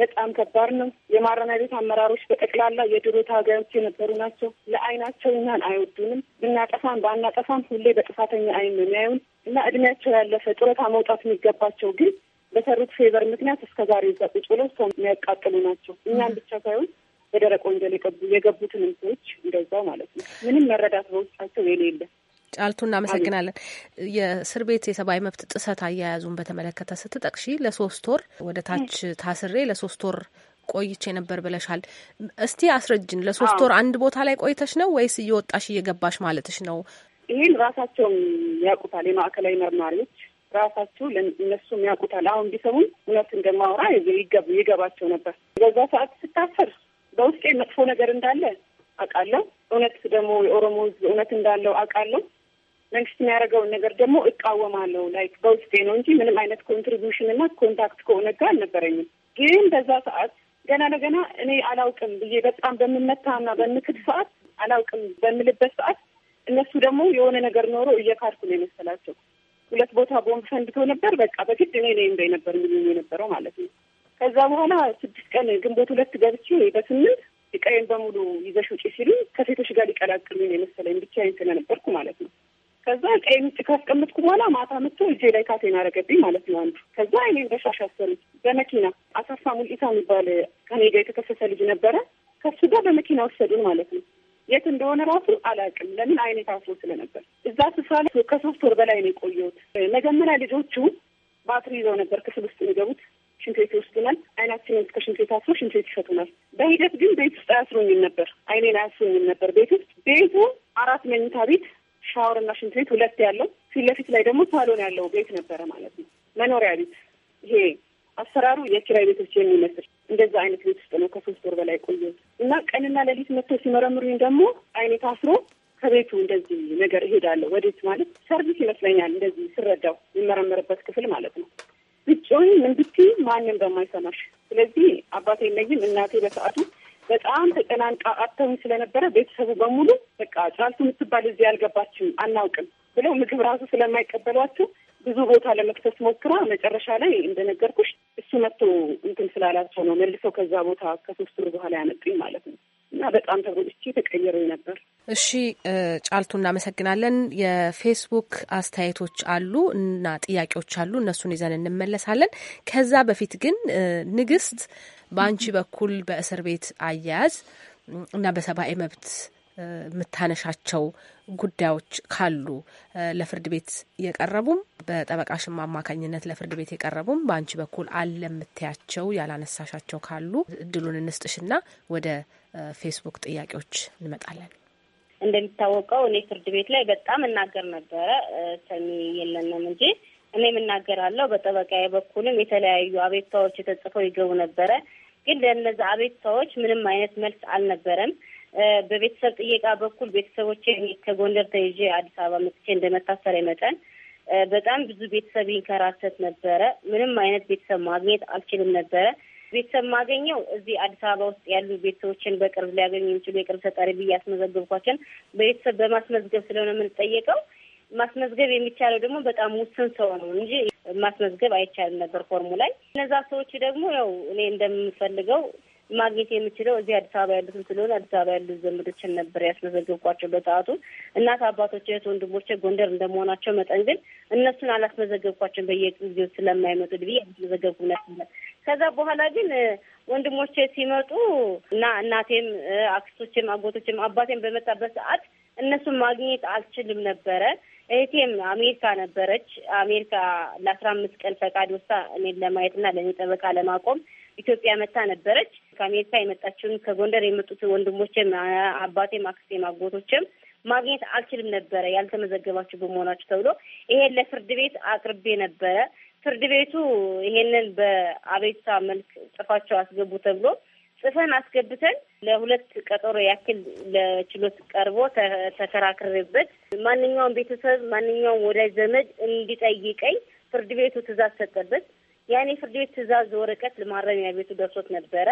በጣም ከባድ ነው። የማረሚያ ቤት አመራሮች በጠቅላላ የድሮ ታጋዮች የነበሩ ናቸው። ለአይናቸው እኛን አይወዱንም። ብናጠፋን ባናጠፋም ሁሌ በጥፋተኛ አይን ነው የሚያዩን እና እድሜያቸው ያለፈ ጡረታ መውጣት የሚገባቸው ግን በሰሩት ፌቨር ምክንያት እስከ ዛሬ እዛ ቁጭ ብለው ሰው የሚያቃጥሉ ናቸው። እኛን ብቻ ሳይሆን በደረቅ ወንጀል የገቡ የገቡትን ሰዎች እንደዛው ማለት ነው። ምንም መረዳት በውስጣቸው የሌለ ጫልቱ እናመሰግናለን። የእስር ቤት የሰብአዊ መብት ጥሰት አያያዙን በተመለከተ ስትጠቅሺ ለሶስት ወር ወደ ታች ታስሬ ለሶስት ወር ቆይቼ ነበር ብለሻል። እስቲ አስረጅን። ለሶስት ወር አንድ ቦታ ላይ ቆይተሽ ነው ወይስ እየወጣሽ እየገባሽ ማለትሽ ነው? ይህን ራሳቸውን ያውቁታል የማዕከላዊ መርማሪዎች ራሳቸው እነሱም ያውቁታል። አሁን ቢሰሙም እውነት እንደማውራ ይገባቸው ነበር። በዛ ሰዓት ስታፈር በውስጤ መጥፎ ነገር እንዳለ አውቃለሁ። እውነት ደግሞ የኦሮሞ ህዝብ እውነት እንዳለው አውቃለሁ። መንግስት የሚያደርገውን ነገር ደግሞ እቃወማለሁ። ላይክ በውስጤ ነው እንጂ ምንም አይነት ኮንትሪቢሽን እና ኮንታክት ከሆነ ጋር አልነበረኝም። ግን በዛ ሰዓት ገና ለገና እኔ አላውቅም ብዬ በጣም በምመታና በምክድ ሰዓት አላውቅም በምልበት ሰዓት እነሱ ደግሞ የሆነ ነገር ኖሮ እየካድኩ ነው የመሰላቸው። ሁለት ቦታ ቦምብ ፈንድቶ ነበር። በቃ በግድ እኔ ነኝ ነበር የሚሉኝ የነበረው ማለት ነው። ከዛ በኋላ ስድስት ቀን ግንቦት ሁለት ገብቼ በስምንት እቃዬን በሙሉ ይዘሽ ውጪ ሲሉ ከሴቶች ጋር ሊቀላቅሉኝ የመሰለኝ ብቻዬን ስለነበርኩ ማለት ነው። ከዛ ቀይም ውጭ ካስቀምጥኩ በኋላ ማታ መጥቶ እጄ ላይ ካቴን አረገብኝ ማለት ነው አንዱ። ከዛ አይኔን በሻሽ በመኪና አሳፋ ሙልኢሳ የሚባል ከኔ ጋር የተከሰሰ ልጅ ነበረ። ከሱ ጋር በመኪና ወሰዱን ማለት ነው። የት እንደሆነ ራሱ አላውቅም፣ ለምን አይኔ ታስሮ ስለነበር። እዛ ስፍራ ላይ ከሶስት ወር በላይ ነው የቆየሁት። መጀመሪያ ልጆቹ ባትሪ ይዘው ነበር ክፍል ውስጥ የሚገቡት ሽንት ቤት ይወስዱናል። አይናችንን እስከ ሽንት ቤት አስሮ ሽንት ቤት በሂደት ግን ቤት ውስጥ አያስሩኝም ነበር፣ አይኔን አያስሩኝም ነበር ቤት ውስጥ። ቤቱ አራት መኝታ ቤት ሻወርና ሽንት ቤት ሁለት ያለው ፊት ለፊት ላይ ደግሞ ሳሎን ያለው ቤት ነበረ ማለት ነው። መኖሪያ ቤት ይሄ አሰራሩ የኪራይ ቤቶች የሚመስል እንደዛ አይነት ቤት ውስጥ ነው ከሶስት ወር በላይ ቆየ እና ቀንና ሌሊት መጥቶ ሲመረምሩኝ ደግሞ አይኔ ታስሮ ከቤቱ እንደዚህ ነገር እሄዳለሁ ወዴት ማለት ሰርቪስ ይመስለኛል እንደዚህ ስረዳው የሚመረምርበት ክፍል ማለት ነው ብጮይም እንድትይ ማንም በማይሰማሽ ስለዚህ አባቴ የለኝም። እናቴ በሰዓቱ በጣም ተጨናንቃ አተውኝ ስለነበረ ቤተሰቡ በሙሉ በቃ ጫልቱ የምትባል እዚህ ያልገባችም አናውቅም ብለው ምግብ ራሱ ስለማይቀበሏቸው ብዙ ቦታ ለመክተት ሞክራ መጨረሻ ላይ እንደነገርኩሽ እሱ መጥቶ እንትን ስላላቸው ነው መልሰው ከዛ ቦታ ከሶስት ወር በኋላ ያመጡኝ ማለት ነው። እና በጣም ተጎድቼ ተቀይሬ ነበር። እሺ ጫልቱ እናመሰግናለን። የፌስቡክ አስተያየቶች አሉ እና ጥያቄዎች አሉ፣ እነሱን ይዘን እንመለሳለን። ከዛ በፊት ግን ንግስት፣ በአንቺ በኩል በእስር ቤት አያያዝ እና በሰብአዊ መብት የምታነሻቸው ጉዳዮች ካሉ ለፍርድ ቤት የቀረቡም በጠበቃሽም አማካኝነት ለፍርድ ቤት የቀረቡም በአንቺ በኩል አለ የምትያቸው ያላነሳሻቸው ካሉ እድሉን እንስጥሽና ወደ ፌስቡክ ጥያቄዎች እንመጣለን። እንደሚታወቀው እኔ ፍርድ ቤት ላይ በጣም እናገር ነበረ። ሰሚ የለንም እንጂ እኔ እናገራለሁ። በጠበቃዬ በኩልም የተለያዩ አቤቱታዎች የተጽፈው ይገቡ ነበረ። ግን ለእነዚህ አቤቱታዎች ምንም አይነት መልስ አልነበረም። በቤተሰብ ጥየቃ በኩል ቤተሰቦቼ ከጎንደር ተይዤ አዲስ አበባ መጥቼ እንደመታሰረ መጠን በጣም ብዙ ቤተሰብ ይንከራተት ነበረ። ምንም አይነት ቤተሰብ ማግኘት አልችልም ነበረ። ቤተሰብ ማገኘው እዚህ አዲስ አበባ ውስጥ ያሉ ቤተሰቦችን በቅርብ ሊያገኙ የሚችሉ የቅርብ ተጠሪ ብዬ ያስመዘገብኳችን በቤተሰብ በማስመዝገብ ስለሆነ የምንጠየቀው ማስመዝገብ የሚቻለው ደግሞ በጣም ውስን ሰው ነው እንጂ ማስመዝገብ አይቻልም ነበር ፎርሙ ላይ። እነዛ ሰዎች ደግሞ ያው እኔ እንደምፈልገው ማግኘት የምችለው እዚህ አዲስ አበባ ያሉትን ስለሆነ አዲስ አበባ ያሉ ዘመዶችን ነበር ያስመዘገብኳቸው በሰዓቱ። እናት አባቶች፣ እህት ወንድሞች ጎንደር እንደመሆናቸው መጠን ግን እነሱን አላስመዘገብኳቸው በየጊዜው ስለማይመጡ ድብዬ አላስመዘገብኩም ነበር። ከዛ በኋላ ግን ወንድሞቼ ሲመጡ እና እናቴም፣ አክስቶቼም፣ አጎቶቼም አባቴም በመጣበት ሰዓት እነሱን ማግኘት አልችልም ነበረ። እህቴም አሜሪካ ነበረች። አሜሪካ ለአስራ አምስት ቀን ፈቃድ ወስዳ እኔን ለማየትና ለእኔ ጠበቃ ለማቆም ኢትዮጵያ መታ ነበረች። ከአሜሪካ የመጣችውን ከጎንደር የመጡት ወንድሞችም አባቴም አክስቴም አጎቶቼም ማግኘት አልችልም ነበረ ያልተመዘገባችሁ በመሆናችሁ ተብሎ ይሄን ለፍርድ ቤት አቅርቤ ነበረ። ፍርድ ቤቱ ይሄንን በአቤቱታ መልክ ጽፋቸው አስገቡ ተብሎ ጽፈን አስገብተን ለሁለት ቀጠሮ ያክል ለችሎት ቀርቦ ተከራክሬበት ማንኛውም ቤተሰብ ማንኛውም ወዳጅ ዘመድ እንዲጠይቀኝ ፍርድ ቤቱ ትዕዛዝ ሰጠበት። ያኔ ፍርድ ቤት ትእዛዝ ወረቀት ለማረሚያ ቤቱ ደርሶት ነበረ።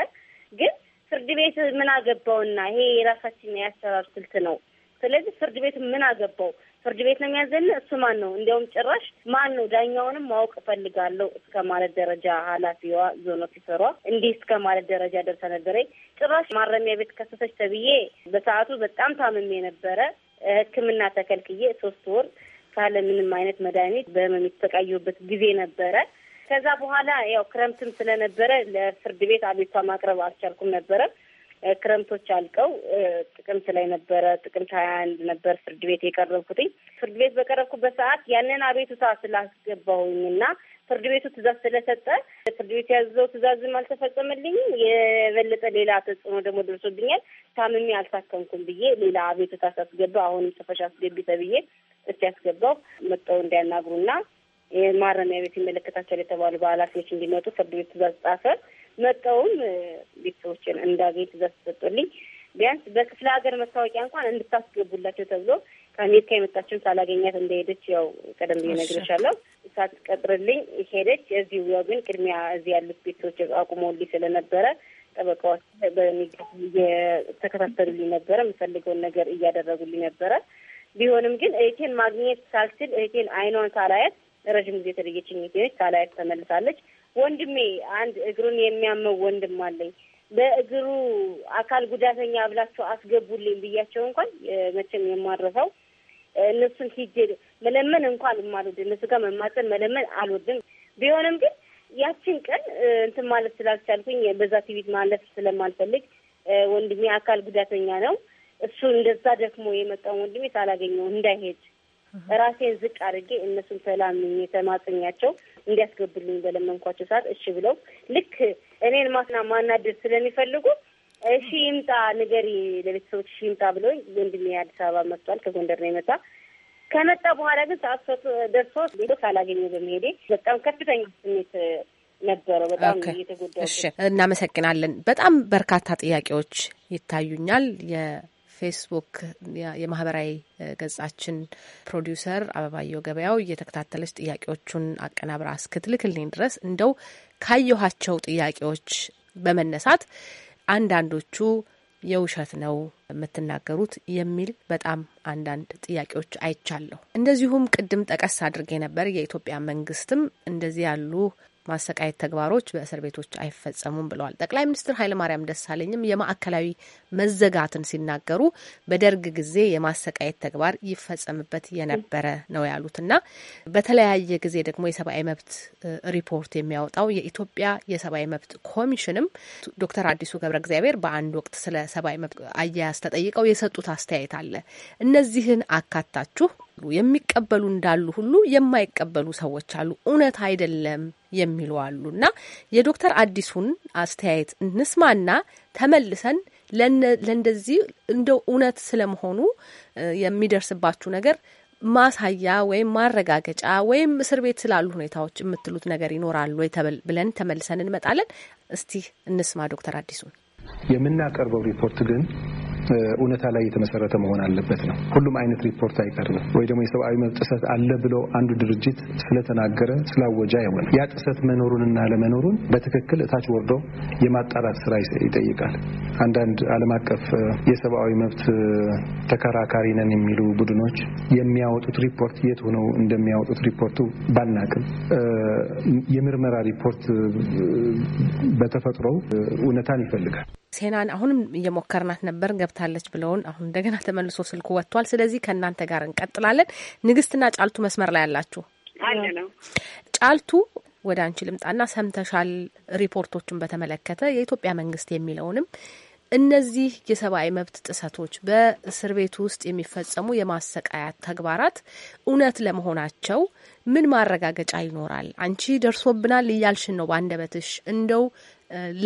ግን ፍርድ ቤት ምን አገባውና ይሄ የራሳችን የአሰራር ስልት ነው። ስለዚህ ፍርድ ቤት ምን አገባው? ፍርድ ቤት ነው የሚያዘን። እሱ ማን ነው? እንዲያውም ጭራሽ ማን ነው ዳኛውንም ማወቅ እፈልጋለሁ እስከ ማለት ደረጃ ኃላፊዋ ዞን ኦፊሰሯ እንዲህ እስከ ማለት ደረጃ ደርሰ ነበረ። ጭራሽ ማረሚያ ቤት ከሰሰች ተብዬ በሰዓቱ በጣም ታምሜ ነበረ። ሕክምና ተከልክዬ ሶስት ወር ካለ ምንም አይነት መድኃኒት በህመም የተሰቃየሁበት ጊዜ ነበረ። ከዛ በኋላ ያው ክረምትም ስለነበረ ለፍርድ ቤት አቤቷ ማቅረብ አልቻልኩም ነበረ። ክረምቶች አልቀው ጥቅምት ላይ ነበረ ጥቅምት ሀያ አንድ ነበር ፍርድ ቤት የቀረብኩትኝ። ፍርድ ቤት በቀረብኩበት ሰዓት ያንን አቤቱታ ስላስገባሁኝ እና ፍርድ ቤቱ ትእዛዝ ስለሰጠ ፍርድ ቤት ያዘው ትእዛዝም አልተፈጸመልኝም። የበለጠ ሌላ ተጽዕኖ ደግሞ ደርሶብኛል። ታምሜ አልታከምኩም ብዬ ሌላ አቤቱታ ሳስገባ አሁንም ጽፈሽ አስገቢ ተብዬ ያስገባው መጠው እንዲያናግሩና የማረሚያ ቤት ይመለከታቸዋል የተባሉ በኃላፊዎች እንዲመጡ ፍርድ ቤት ትእዛዝ ጻፈ። መጠውም ቤተሰቦችን እንዳገኝ ትእዛዝ ተሰጡልኝ። ቢያንስ በክፍለ ሀገር መታወቂያ እንኳን እንድታስገቡላቸው ተብሎ ከአሜሪካ የመጣችውን ሳላገኛት እንደሄደች ያው ቀደም ብዬ ነግሬሻለሁ። ሳትቀጥርልኝ ሄደች። እዚህ ያው ግን ቅድሚያ እዚህ ያሉት ቤተሰቦች አቁመውልኝ ስለነበረ ጠበቃዎች እየተከታተሉልኝ ነበረ። የምፈልገውን ነገር እያደረጉልኝ ነበረ። ቢሆንም ግን እህቴን ማግኘት ሳልችል እህቴን አይኗን ሳላያት ለረዥም ጊዜ የተለየችኝ ሚቴች ካላያት ተመልሳለች። ወንድሜ አንድ እግሩን የሚያመው ወንድም አለኝ። በእግሩ አካል ጉዳተኛ ብላቸው አስገቡልኝ ብያቸው እንኳን መቼም የማረፈው እነሱን ሂጄ መለመን እንኳን የማልወድ እነሱ ጋር መማፀን መለመን አልወድም። ቢሆንም ግን ያችን ቀን እንትን ማለት ስላልቻልኩኝ በዛ ቲቪት ማለፍ ስለማልፈልግ ወንድሜ አካል ጉዳተኛ ነው። እሱ እንደዛ ደክሞ የመጣውን ወንድሜ ሳላገኘው እንዳይሄድ ራሴ ዝቅ አድርጌ እነሱን ሰላም የተማጽኛቸው እንዲያስገብልኝ በለመንኳቸው ሰዓት እሺ ብለው ልክ እኔን ማስና ማናደድ ስለሚፈልጉ እሺ ይምጣ ንገሪ ለቤተሰቦች እሺ ይምጣ ብሎ ወንድሜ አዲስ አበባ መጥቷል። ከጎንደር ነው የመጣ ከመጣ በኋላ ግን ሰዓት ሰት ደርሶ ቤቶ ሳላገኘ በመሄዴ በጣም ከፍተኛ ስሜት ነበረው። በጣም እየተጎዳ። እሺ እናመሰግናለን። በጣም በርካታ ጥያቄዎች ይታዩኛል። ፌስቡክ የማህበራዊ ገጻችን ፕሮዲውሰር አበባየው ገበያው እየተከታተለች ጥያቄዎቹን አቀናብራ እስክትልክልኝ ድረስ እንደው ካየኋቸው ጥያቄዎች በመነሳት አንዳንዶቹ የውሸት ነው የምትናገሩት የሚል በጣም አንዳንድ ጥያቄዎች አይቻለሁ። እንደዚሁም ቅድም ጠቀስ አድርጌ ነበር። የኢትዮጵያ መንግስትም እንደዚህ ያሉ ማሰቃየት ተግባሮች በእስር ቤቶች አይፈጸሙም ብለዋል። ጠቅላይ ሚኒስትር ኃይለማርያም ደሳለኝም የማዕከላዊ መዘጋትን ሲናገሩ በደርግ ጊዜ የማሰቃየት ተግባር ይፈጸምበት የነበረ ነው ያሉትና በተለያየ ጊዜ ደግሞ የሰብአዊ መብት ሪፖርት የሚያወጣው የኢትዮጵያ የሰብአዊ መብት ኮሚሽንም ዶክተር አዲሱ ገብረ እግዚአብሔር በአንድ ወቅት ስለ ሰብአዊ መብት አያያዝ ተጠይቀው የሰጡት አስተያየት አለ። እነዚህን አካታችሁ የሚቀበሉ እንዳሉ ሁሉ የማይቀበሉ ሰዎች አሉ፣ እውነት አይደለም የሚሉ አሉ እና የዶክተር አዲሱን አስተያየት እንስማና ተመልሰን ለእንደዚህ እንደው እውነት ስለመሆኑ የሚደርስባችሁ ነገር ማሳያ ወይም ማረጋገጫ ወይም እስር ቤት ስላሉ ሁኔታዎች የምትሉት ነገር ይኖራሉ ብለን ተመልሰን እንመጣለን። እስቲ እንስማ ዶክተር አዲሱን የምናቀርበው ሪፖርት ግን እውነታ ላይ የተመሰረተ መሆን አለበት ነው። ሁሉም አይነት ሪፖርት አይቀርም ወይ ደግሞ የሰብአዊ መብት ጥሰት አለ ብሎ አንዱ ድርጅት ስለተናገረ ስላወጃ አይሆንም። ያ ጥሰት መኖሩንና ለመኖሩን በትክክል እታች ወርዶ የማጣራት ስራ ይጠይቃል። አንዳንድ ዓለም አቀፍ የሰብአዊ መብት ተከራካሪ ነን የሚሉ ቡድኖች የሚያወጡት ሪፖርት የት ሆነው እንደሚያወጡት ሪፖርቱ ባናቅም የምርመራ ሪፖርት በተፈጥሮው እውነታን ይፈልጋል። ሴናን አሁንም እየሞከርናት ነበር፣ ገብታለች ብለውን አሁን እንደገና ተመልሶ ስልኩ ወጥቷል። ስለዚህ ከእናንተ ጋር እንቀጥላለን። ንግስትና ጫልቱ መስመር ላይ ያላችሁ ጫልቱ ወደ አንቺ ልምጣና ሰምተሻል፣ ሪፖርቶችን በተመለከተ የኢትዮጵያ መንግስት የሚለውንም እነዚህ የሰብአዊ መብት ጥሰቶች በእስር ቤት ውስጥ የሚፈጸሙ የማሰቃያ ተግባራት እውነት ለመሆናቸው ምን ማረጋገጫ ይኖራል? አንቺ ደርሶብናል እያልሽን ነው በአንደበትሽ። እንደው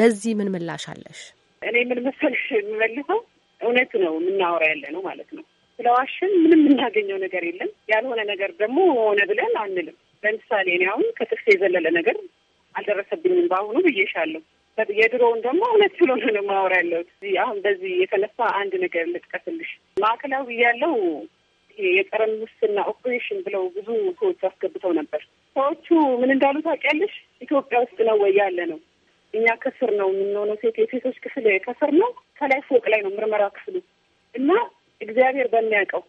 ለዚህ ምን ምላሽ አለሽ? እኔ ምን መሰለሽ የምመልሰው እውነት ነው የምናወራ ያለ ነው ማለት ነው። ስለዋሽን ምንም የምናገኘው ነገር የለም። ያልሆነ ነገር ደግሞ ሆነ ብለን አንልም። ለምሳሌ እኔ አሁን ከጥርስ የዘለለ ነገር አልደረሰብኝም በአሁኑ ብዬሻለሁ። የድሮውን ደግሞ እውነት ስለሆነ ነው የማወራ ያለሁት። አሁን በዚህ የተነሳ አንድ ነገር ልጥቀስልሽ። ማዕከላዊ ያለው የጸረን ሙስና ኦፕሬሽን ብለው ብዙ ሰዎች አስገብተው ነበር። ሰዎቹ ምን እንዳሉ ታውቂያለሽ? ኢትዮጵያ ውስጥ ነው ወይ ያለ ነው እኛ ከስር ነው የምንሆነው። ሴት የሴቶች ክፍል ከስር ነው፣ ከላይ ፎቅ ላይ ነው ምርመራ ክፍሉ እና እግዚአብሔር በሚያውቀው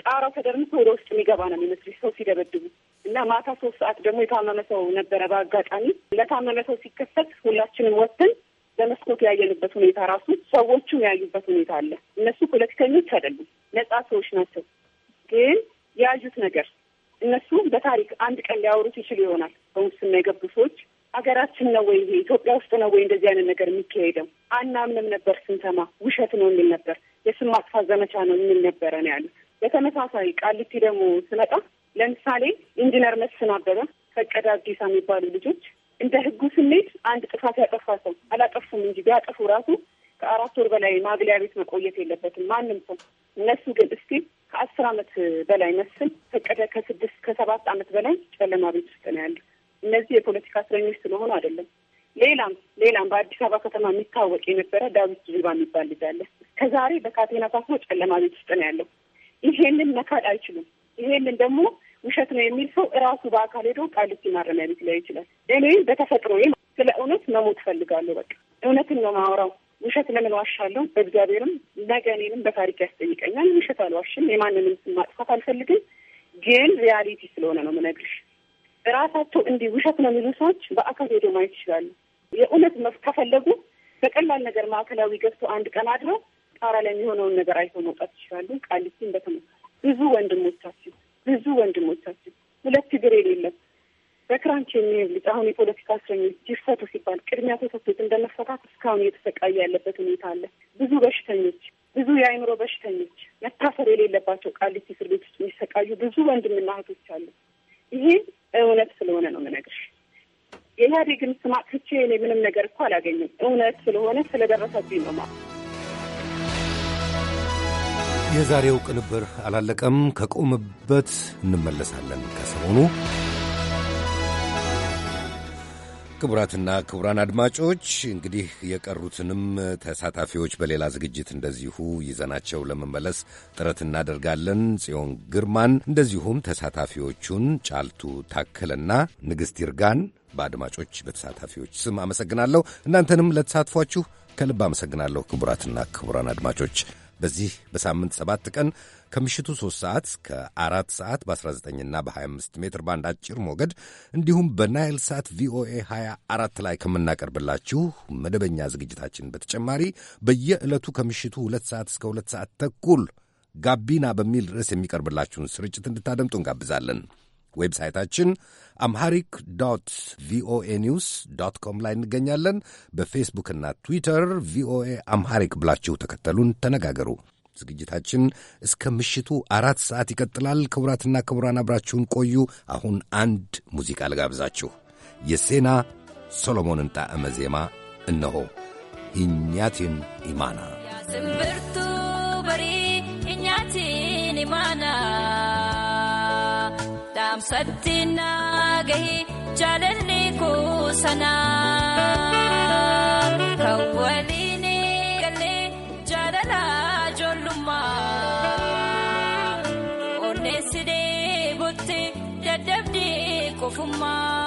ጣራው ተደርምቶ ወደ ውስጥ የሚገባ ነው የሚመስል ሰው ሲደበድቡ እና ማታ ሶስት ሰዓት ደግሞ የታመመ ሰው ነበረ። በአጋጣሚ ለታመመ ሰው ሲከፈት ሁላችንም ወጥተን በመስኮት ያየንበት ሁኔታ ራሱ ሰዎቹም ያዩበት ሁኔታ አለ። እነሱ ፖለቲከኞች አይደሉም፣ ነጻ ሰዎች ናቸው። ግን የያዩት ነገር እነሱ በታሪክ አንድ ቀን ሊያወሩት ይችሉ ይሆናል። በሙስና የገቡ ሰዎች አገራችን ነው ወይ ይሄ ኢትዮጵያ ውስጥ ነው ወይ እንደዚህ አይነት ነገር የሚካሄደው? አናምንም ነበር ስንሰማ፣ ውሸት ነው የሚል ነበር። የስም ማጥፋት ዘመቻ ነው የሚል ነበረ ነው ያሉ። በተመሳሳይ ቃሊቲ ደግሞ ስመጣ ለምሳሌ ኢንጂነር መስፍን አበበ፣ ፈቀደ አዲሳ የሚባሉ ልጆች እንደ ህጉ ስሜት አንድ ጥፋት ያጠፋ ሰው አላጠፉም እንጂ ቢያጠፉ ራሱ ከአራት ወር በላይ ማግለያ ቤት መቆየት የለበትም ማንም ሰው። እነሱ ግን እስቲ ከአስር አመት በላይ መስፍን፣ ፈቀደ ከስድስት ከሰባት አመት በላይ ጨለማ ቤት ውስጥ ነው ያለው። እነዚህ የፖለቲካ እስረኞች ስለሆኑ አይደለም። ሌላም ሌላም በአዲስ አበባ ከተማ የሚታወቅ የነበረ ዳዊት ጅባ የሚባል ልጅ አለ። ከዛሬ በካቴና ታስሮ ጨለማ ቤት ውስጥ ነው ያለው። ይሄንን መካድ አይችሉም። ይሄንን ደግሞ ውሸት ነው የሚል ሰው እራሱ በአካል ሄዶ ቃሊቲ ማረሚያ ቤት ላይ ይችላል። እኔ በተፈጥሮ ስለ እውነት መሞት ፈልጋለሁ። በቃ እውነትን ነው ማውራው። ውሸት ለምን ዋሻለሁ? በእግዚአብሔርም ነገ እኔንም በታሪክ ያስጠይቀኛል። ውሸት አልዋሽም። የማንንም ስም ማጥፋት አልፈልግም። ግን ሪያሊቲ ስለሆነ ነው የምነግርሽ ራሳቸው እንዲህ ውሸት ነው የሚሉ ሰዎች በአካል ሄዶ ማየት ይችላሉ። የእውነት ከፈለጉ በቀላል ነገር ማዕከላዊ ገብቶ አንድ ቀን አድረው ጣራ ላይ የሚሆነውን ነገር አይቶ መውጣት ይችላሉ። ቃሊቲ እንደተመሳ ብዙ ወንድሞቻችን ብዙ ወንድሞቻችን ሁለት እግር የሌለም በክራንች የሚሄድ ልጅ አሁን የፖለቲካ እስረኞች ይፈቱ ሲባል ቅድሚያ ተሰጥቶት እንደመፈታት እስካሁን እየተሰቃየ ያለበት ሁኔታ አለ። ብዙ በሽተኞች ብዙ የአእምሮ በሽተኞች መታሰር የሌለባቸው ቃሊቲ እስር ቤት ውስጥ የሚሰቃዩ ብዙ ወንድምና እህቶች አሉ። ይሄ እውነት ስለሆነ ነው የምነግርሽ። የኢህአዴግን ስም አጥፍቼ እኔ ምንም ነገር እኮ አላገኝም። እውነት ስለሆነ ስለደረሰብኝ ነው ማለት። የዛሬው ቅንብር አላለቀም። ከቆምበት እንመለሳለን ከሰሞኑ ክቡራትና ክቡራን አድማጮች እንግዲህ የቀሩትንም ተሳታፊዎች በሌላ ዝግጅት እንደዚሁ ይዘናቸው ለመመለስ ጥረት እናደርጋለን። ጽዮን ግርማን እንደዚሁም ተሳታፊዎቹን ጫልቱ ታክልና ንግሥት ይርጋን በአድማጮች በተሳታፊዎች ስም አመሰግናለሁ። እናንተንም ለተሳትፏችሁ ከልብ አመሰግናለሁ። ክቡራትና ክቡራን አድማጮች በዚህ በሳምንት ሰባት ቀን ከምሽቱ 3 ሰዓት እስከ 4 ሰዓት በ19ና በ25 ሜትር ባንድ አጭር ሞገድ እንዲሁም በናይል ሳት ቪኦኤ 24 ላይ ከምናቀርብላችሁ መደበኛ ዝግጅታችን በተጨማሪ በየዕለቱ ከምሽቱ 2 ሰዓት እስከ 2 ሰዓት ተኩል ጋቢና በሚል ርዕስ የሚቀርብላችሁን ስርጭት እንድታደምጡ እንጋብዛለን። ዌብሳይታችን አምሃሪክ ዶት ቪኦኤ ኒውስ ዶት ኮም ላይ እንገኛለን። በፌስቡክና ትዊተር ቪኦኤ አምሃሪክ ብላችሁ ተከተሉን፣ ተነጋገሩ። ዝግጅታችን እስከ ምሽቱ አራት ሰዓት ይቀጥላል። ክቡራትና ክቡራን አብራችሁን ቆዩ። አሁን አንድ ሙዚቃ ልጋብዛችሁ። የሴና ሶሎሞንን ጣዕመ ዜማ እነሆ ሂኛቲን ኢማና ስምብርቱ በሪ ሂኛቲን ኢማና ሰቲና ገሂ ጃለኒ ኩሰና ከወሊ my.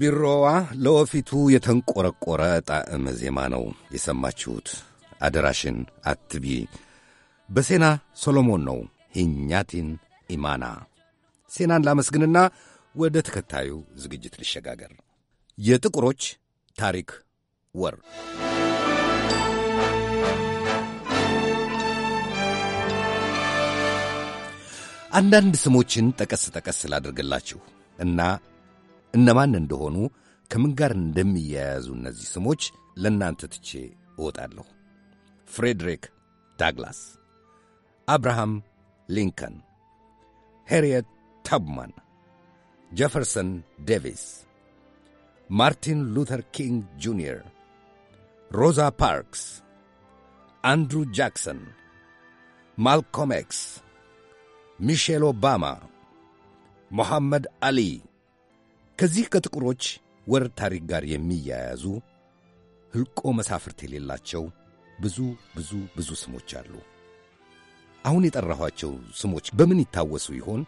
ቢሮዋ ለወፊቱ የተንቆረቆረ ጣዕመ ዜማ ነው የሰማችሁት። አደራሽን አትቢ በሴና ሶሎሞን ነው ሂኛቲን ኢማና። ሴናን ላመስግንና ወደ ተከታዩ ዝግጅት ልሸጋገር። የጥቁሮች ታሪክ ወር አንዳንድ ስሞችን ጠቀስ ጠቀስ ስላደርግላችሁ እና እነማን እንደሆኑ ከምን ጋር እንደሚያያዙ እነዚህ ስሞች ለእናንተ ትቼ እወጣለሁ። ፍሬድሪክ ዳግላስ፣ አብርሃም ሊንከን፣ ሄሪየት ታብማን፣ ጀፈርሰን ዴቪስ፣ ማርቲን ሉተር ኪንግ ጁኒየር፣ ሮዛ ፓርክስ፣ አንድሩ ጃክሰን፣ ማልኮም ኤክስ፣ ሚሼል ኦባማ፣ ሞሐመድ አሊ ከዚህ ከጥቁሮች ወር ታሪክ ጋር የሚያያዙ ሕልቆ መሳፍርት የሌላቸው ብዙ ብዙ ብዙ ስሞች አሉ። አሁን የጠራኋቸው ስሞች በምን ይታወሱ ይሆን?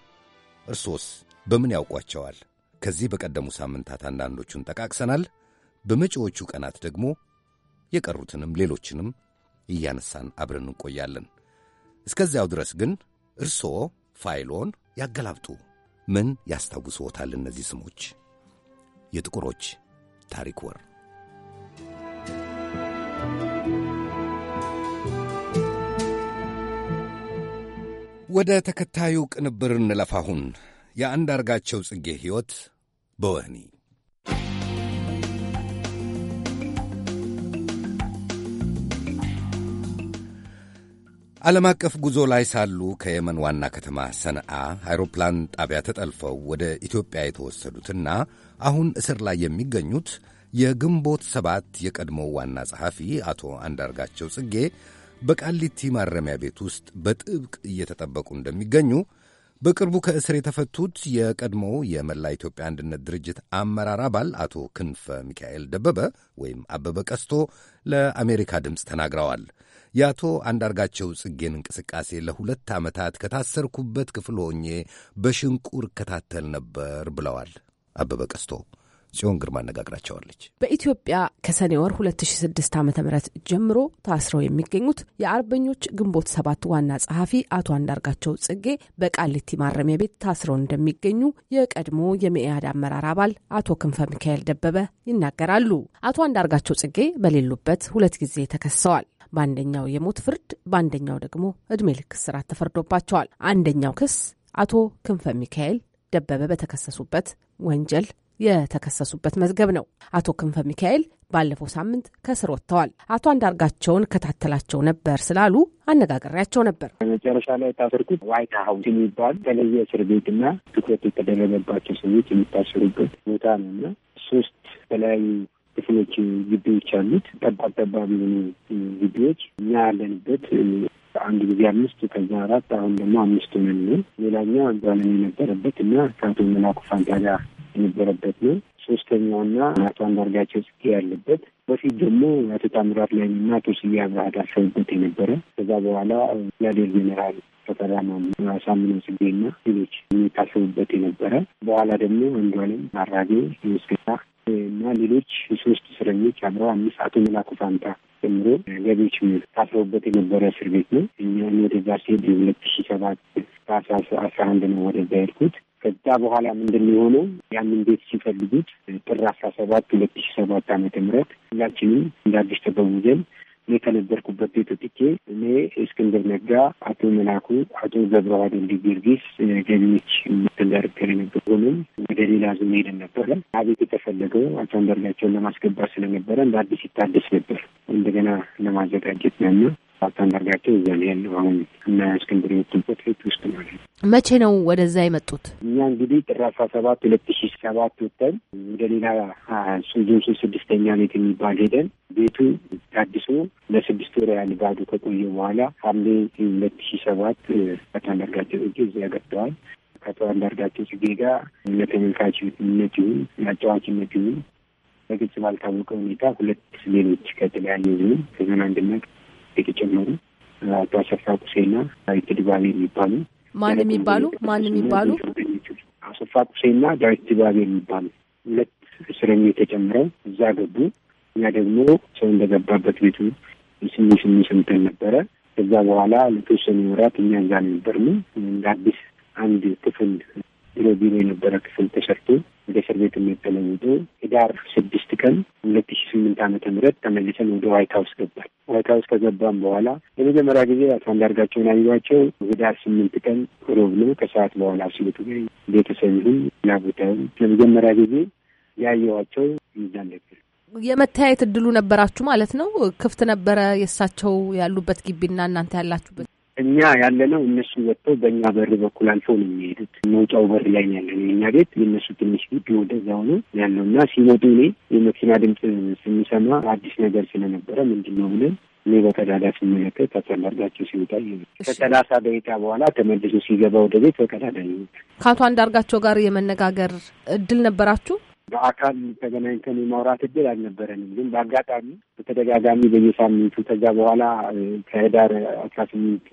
እርሶስ በምን ያውቋቸዋል? ከዚህ በቀደሙ ሳምንታት አንዳንዶቹን ጠቃቅሰናል። በመጪዎቹ ቀናት ደግሞ የቀሩትንም ሌሎችንም እያነሳን አብረን እንቆያለን። እስከዚያው ድረስ ግን እርስዎ ፋይሎን ያገላብጡ። ምን ያስታውስዎታል እነዚህ ስሞች? የጥቁሮች ታሪክ ወር ወደ ተከታዩ ቅንብር እንለፋሁን። አሁን የአንዳርጋቸው ጽጌ ሕይወት በወህኒ ዓለም አቀፍ ጉዞ ላይ ሳሉ ከየመን ዋና ከተማ ሰነአ አይሮፕላን ጣቢያ ተጠልፈው ወደ ኢትዮጵያ የተወሰዱትና አሁን እስር ላይ የሚገኙት የግንቦት ሰባት የቀድሞው ዋና ጸሐፊ አቶ አንዳርጋቸው ጽጌ በቃሊቲ ማረሚያ ቤት ውስጥ በጥብቅ እየተጠበቁ እንደሚገኙ በቅርቡ ከእስር የተፈቱት የቀድሞው የመላ ኢትዮጵያ አንድነት ድርጅት አመራር አባል አቶ ክንፈ ሚካኤል ደበበ ወይም አበበ ቀስቶ ለአሜሪካ ድምፅ ተናግረዋል። የአቶ አንዳርጋቸው ጽጌን እንቅስቃሴ ለሁለት ዓመታት ከታሰርኩበት ክፍል ሆኜ በሽንቁር እከታተል ነበር ብለዋል አበበ ቀስቶ። ጽዮን ግርማ አነጋግራቸዋለች። በኢትዮጵያ ከሰኔ ወር 2006 ዓ ም ጀምሮ ታስረው የሚገኙት የአርበኞች ግንቦት ሰባት ዋና ጸሐፊ አቶ አንዳርጋቸው ጽጌ በቃሊቲ ማረሚያ ቤት ታስረው እንደሚገኙ የቀድሞ የመኢአድ አመራር አባል አቶ ክንፈ ሚካኤል ደበበ ይናገራሉ። አቶ አንዳርጋቸው ጽጌ በሌሉበት ሁለት ጊዜ ተከሰዋል። በአንደኛው የሞት ፍርድ፣ በአንደኛው ደግሞ እድሜ ልክ እስራት ተፈርዶባቸዋል። አንደኛው ክስ አቶ ክንፈ ሚካኤል ደበበ በተከሰሱበት ወንጀል የተከሰሱበት መዝገብ ነው። አቶ ክንፈ ሚካኤል ባለፈው ሳምንት ከስር ወጥተዋል። አቶ አንዳርጋቸውን ከታተላቸው ነበር ስላሉ አነጋግሬያቸው ነበር። መጨረሻ ላይ የታሰርኩት ዋይት ሀውስ የሚባል የተለየ እስር ቤትና ትኩረት የተደረገባቸው ሰዎች የሚታሰሩበት ቦታ ነው እና ሶስት የተለያዩ ክፍሎች ግቢዎች አሉት። ጠባብ ጠባብ የሆኑ ግቢዎች እኛ ያለንበት አንድ ጊዜ አምስት ከዛ አራት አሁን ደግሞ አምስት ሆነን ነው። ሌላኛው አንዷለም የነበረበት እና ከአቶ መላኩ ፋንታ ጋር የነበረበት ነው። ሶስተኛውና አቶ አንዳርጋቸው ጽጌ ያለበት በፊት ደግሞ አቶ ታምራት ላይ እና አቶ ስዬ አብርሃ ታሰቡበት የነበረ ከዛ በኋላ ብርጋዴር ጄኔራል ተፈራ ማሞ፣ አሳምነው ጽጌና ሌሎች የሚታሰቡበት የነበረ በኋላ ደግሞ አንዷለም አራጌ ምስገታ እና ሌሎች ሶስት እስረኞች አብረው አምስት አቶ መላኩ ፋንታ ጀምሮ ገቢዎች ታስረውበት የነበረ እስር ቤት ነው። እኛ ወደዛ ሲሄድ የሁለት ሺ ሰባት አስራ አንድ ነው ወደዛ ሄድኩት። ከዛ በኋላ ምንድን የሆነው ያንን ቤት ሲፈልጉት ጥር አስራ ሰባት ሁለት ሺ ሰባት ዓመተ ምህረት ሁላችንም እንደ አዲስ ተገቡ እኔ ከነበርኩበት ቤት ወጥቼ እኔ እስክንድር ነጋ፣ አቶ መላኩ፣ አቶ ገብረዋድ እንዲ ጊዮርጊስ ገቢዎች የምትዳርገር የነበር ሆኖም ወደ ሌላ ዝም ሄደን ነበረ። አቤት የተፈለገው አቶ አንዳርጋቸውን ለማስገባት ስለነበረ እንደ አዲስ ይታደስ ነበር እንደገና ለማዘጋጀት ነና ሳታንዳርጋቸው እዛ ሄን አሁን እና እስክንድር የወጡበት ፊት ውስጥ ማለት ነው። መቼ ነው ወደዛ የመጡት? እኛ እንግዲህ ጥር አስራ ሰባት ሁለት ሺ ሰባት ወጥተን ወደ ሌላ ሱዙን ስድስተኛ ቤት የሚባል ሄደን ቤቱ ታድሶ ለስድስት ወር ያህል ባዶ ከቆየ በኋላ ሐምሌ ሁለት ሺ ሰባት ሳታንዳርጋቸው አንዳርጋቸው እዚያ ገብተዋል። ከአቶ አንዳርጋቸው ጽጌ ጋር ለተመልካችነት ይሁን ለአጫዋችነት ይሁን በግልጽ ባልታወቀ ሁኔታ ሁለት ሌሎች ከተለያዩ ዝም ከዘን አንድነት የተጨመሩ አቶ አሰፋ ቁሴና ዳዊት ድባቤ የሚባሉ ማን የሚባሉ ማን የሚባሉ አሰፋ ቁሴና ዳዊት ድባቤ የሚባሉ ሁለት እስረኞች ተጨምረው እዛ ገቡ። እኛ ደግሞ ሰው እንደገባበት ቤቱ ስሚ ስሚ ሰምተን ነበረ። ከዛ በኋላ ለተወሰኑ ወራት እኛ እዛ ነበርን። እንደ አዲስ አንድ ክፍል ቢሮ ቢሮ የነበረ ክፍል ተሰርቶ ወደ እስር ቤት ተለውጦ ህዳር ስድስት ቀን ሁለት ሺ ስምንት ዓመተ ምህረት ተመልሰን ወደ ዋይት ሀውስ ገባል። ዋይት ሀውስ ከገባም በኋላ ለመጀመሪያ ጊዜ አቶ አንዳርጋቸውን አየኋቸው። ህዳር ስምንት ቀን ሮብ ነው። ከሰዓት በኋላ ሲወጡ ቤተሰብህም ናቦታም ለመጀመሪያ ጊዜ ያየኋቸው ይዛን ነበር። የመተያየት እድሉ ነበራችሁ ማለት ነው? ክፍት ነበረ የእሳቸው ያሉበት ግቢና እናንተ ያላችሁበት እኛ ያለነው እነሱ ወጥተው በእኛ በር በኩል አልፈው ነው የሚሄዱት። መውጫው በር ላይ ነው ያለነው የእኛ ቤት። የእነሱ ትንሽ ግቢ ወደዛ ሆኖ ያለው እና ሲመጡ እኔ የመኪና ድምፅ ስንሰማ አዲስ ነገር ስለነበረ ምንድን ነው ብለን እኔ በቀዳዳ ስመለከት አፈላጋቸው ሲወጣ ከሰላሳ ደቂቃ በኋላ ተመልሶ ሲገባ ወደ ቤት በቀዳዳ ከአቶ አንዳርጋቸው ጋር የመነጋገር እድል ነበራችሁ? በአካል ተገናኝተን የማውራት እድል አልነበረንም። ግን በአጋጣሚ በተደጋጋሚ በየሳምንቱ ከዛ በኋላ ከህዳር አስራ ስምንት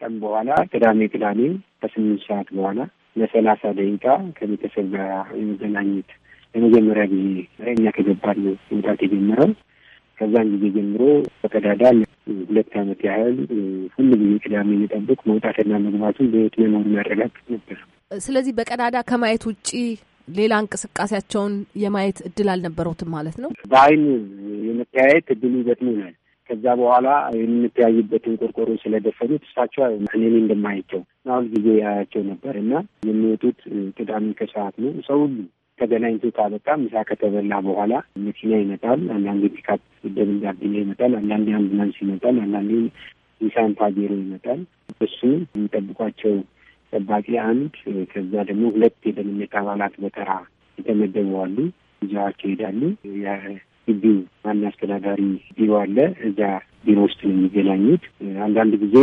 ቀን በኋላ ቅዳሜ ቅዳሜ ከስምንት ሰዓት በኋላ ለሰላሳ ደቂቃ ከቤተሰብ ጋር የመገናኘት ለመጀመሪያ ጊዜ እኛ ከገባን መምጣት የጀመረው ከዛን ጊዜ ጀምሮ በቀዳዳ ሁለት ዓመት ያህል ሁሉ ጊዜ ቅዳሜ የሚጠብቅ መውጣትና መግባቱን በህይወት መኖሩን ያረጋግጥ ነበር። ስለዚህ በቀዳዳ ከማየት ውጪ ሌላ እንቅስቃሴያቸውን የማየት እድል አልነበረውትም ማለት ነው። በአይን የመተያየት እድሉ ይገጥሙናል። ከዛ በኋላ የምንተያይበትን ቆርቆሮ ስለደፈኑት እሳቸው እኔን እንደማያቸው ናሁል ጊዜ ያያቸው ነበር እና የሚወጡት ቅዳሜ ከሰዓት ነው። ሰው ሁሉ ተገናኝቶ ካበቃ ምሳ ከተበላ በኋላ መኪና ይመጣል። አንዳንዴ ፒካፕ ደብል ይመጣል። አንዳንዴ አምቡላንስ ይመጣል። አንዳንዴ ኒሳን ታጌሮ ይመጣል። እሱ የሚጠብቋቸው ጠባቂ አንድ፣ ከዛ ደግሞ ሁለት የደህንነት አባላት በተራ የተመደቡ አሉ። እዛው ይሄዳሉ። የግቢው ዋና አስተዳዳሪ ቢሮ አለ። እዛ ቢሮ ውስጥ ነው የሚገናኙት። አንዳንድ ጊዜ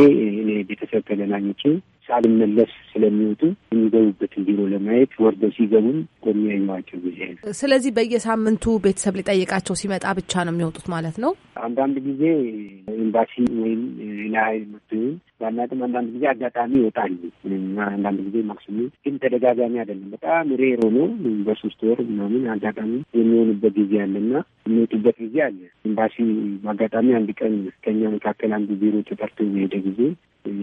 እኔ ቤተሰብ ተገናኝቼ ሳልመለስ ስለሚወጡ የሚገቡበትን ቢሮ ለማየት ወርደ ሲገቡም የሚያዩዋቸው ጊዜ ነው። ስለዚህ በየሳምንቱ ቤተሰብ ሊጠይቃቸው ሲመጣ ብቻ ነው የሚወጡት ማለት ነው። አንዳንድ ጊዜ ኤምባሲ ወይም ላይል ምትሆን ባናቅም አንዳንድ ጊዜ አጋጣሚ ይወጣሉ። አንዳንድ ጊዜ ማክሲሙ ግን ተደጋጋሚ አይደለም። በጣም ሬሮ ነው። በሶስት ወር ምናምን አጋጣሚ የሚሆኑበት ጊዜ አለና የሚወጡበት ጊዜ አለ። ኤምባሲ አጋጣሚ አንድ ቀን ከኛ መካከል አንዱ ቢሮ ተጠርቶ የሄደ ጊዜ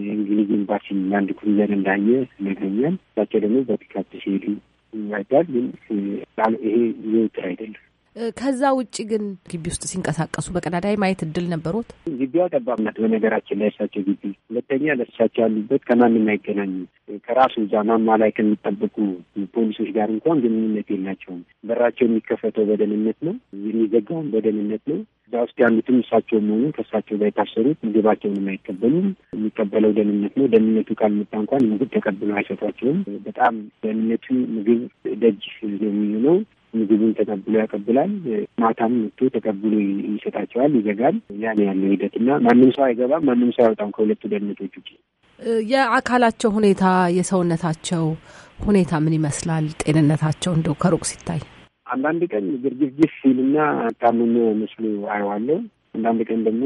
የእንግሊዝ ኤምባሲ አንድ ክሩዘር እንዳየ ነግረኛል። እሳቸው ደግሞ በፒካፕ ሲሄዱ ያዳል። ግን ይሄ የውትር አይደለም ከዛ ውጭ ግን ግቢ ውስጥ ሲንቀሳቀሱ በቀዳዳይ ማየት እድል ነበሩት ግቢዋ ጠባብ ናት፣ በነገራችን ላይ እሳቸው ግቢ። ሁለተኛ ለእሳቸው ያሉበት ከማንም አይገናኙ። ከራሱ እዛ ማማ ላይ ከሚጠበቁ ፖሊሶች ጋር እንኳን ግንኙነት የላቸውም። በራቸው የሚከፈተው በደህንነት ነው፣ የሚዘጋውን በደህንነት ነው። እዛ ውስጥ ያሉትም እሳቸው መሆኑ ከእሳቸው ጋር የታሰሩት ምግባቸውን አይቀበሉም። የሚቀበለው ደህንነት ነው። ደህንነቱ ካልመጣ እንኳን ምግብ ተቀብሎ አይሰጧቸውም። በጣም ደህንነቱ ምግብ ደጅ የሚሆነው ምግቡን ተቀብሎ ያቀብላል። ማታም መጥቶ ተቀብሎ ይሰጣቸዋል፣ ይዘጋል። ያን ያለው ሂደት እና ማንም ሰው አይገባም፣ ማንም ሰው አይወጣም ከሁለቱ ደህንነቶች ውጭ። የአካላቸው ሁኔታ የሰውነታቸው ሁኔታ ምን ይመስላል? ጤንነታቸው እንደው ከሩቅ ሲታይ አንዳንድ ቀን ግርግፍ ሲልና ታምኖ መስሎ አየዋለሁ። አንዳንድ ቀን ደግሞ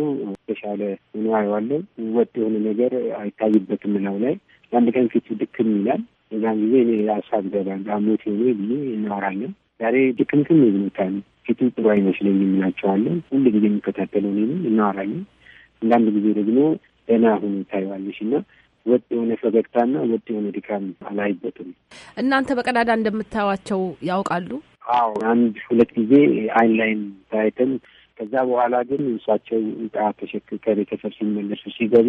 ተሻለ ሆኖ አየዋለሁ። ወጥ የሆነ ነገር አይታይበትም እላው ላይ። አንድ ቀን ፊቱ ድክም ይላል። እዛን ጊዜ እኔ ሀሳብ ገባ ጋሞት ሆኖ ብዬ እናወራለን። ዛሬ ድክምክም ይብሎታል። ፊቱ ጥሩ አይመስለኝም እላቸዋለሁ። ሁሉ ጊዜ የሚከታተለው እኔንም እናወራለን። አንዳንድ ጊዜ ደግሞ ደህና ሁኑ ታይዋለሽ እና ወጥ የሆነ ፈገግታና ወጥ የሆነ ድካም አላይበትም። እናንተ በቀዳዳ እንደምታዩዋቸው ያውቃሉ? አዎ አንድ ሁለት ጊዜ አይን ላይን ታይተን ከዛ በኋላ ግን እሷቸው እጣ ተሸክም ከቤተሰብ ሲመለሱ ሲገቡ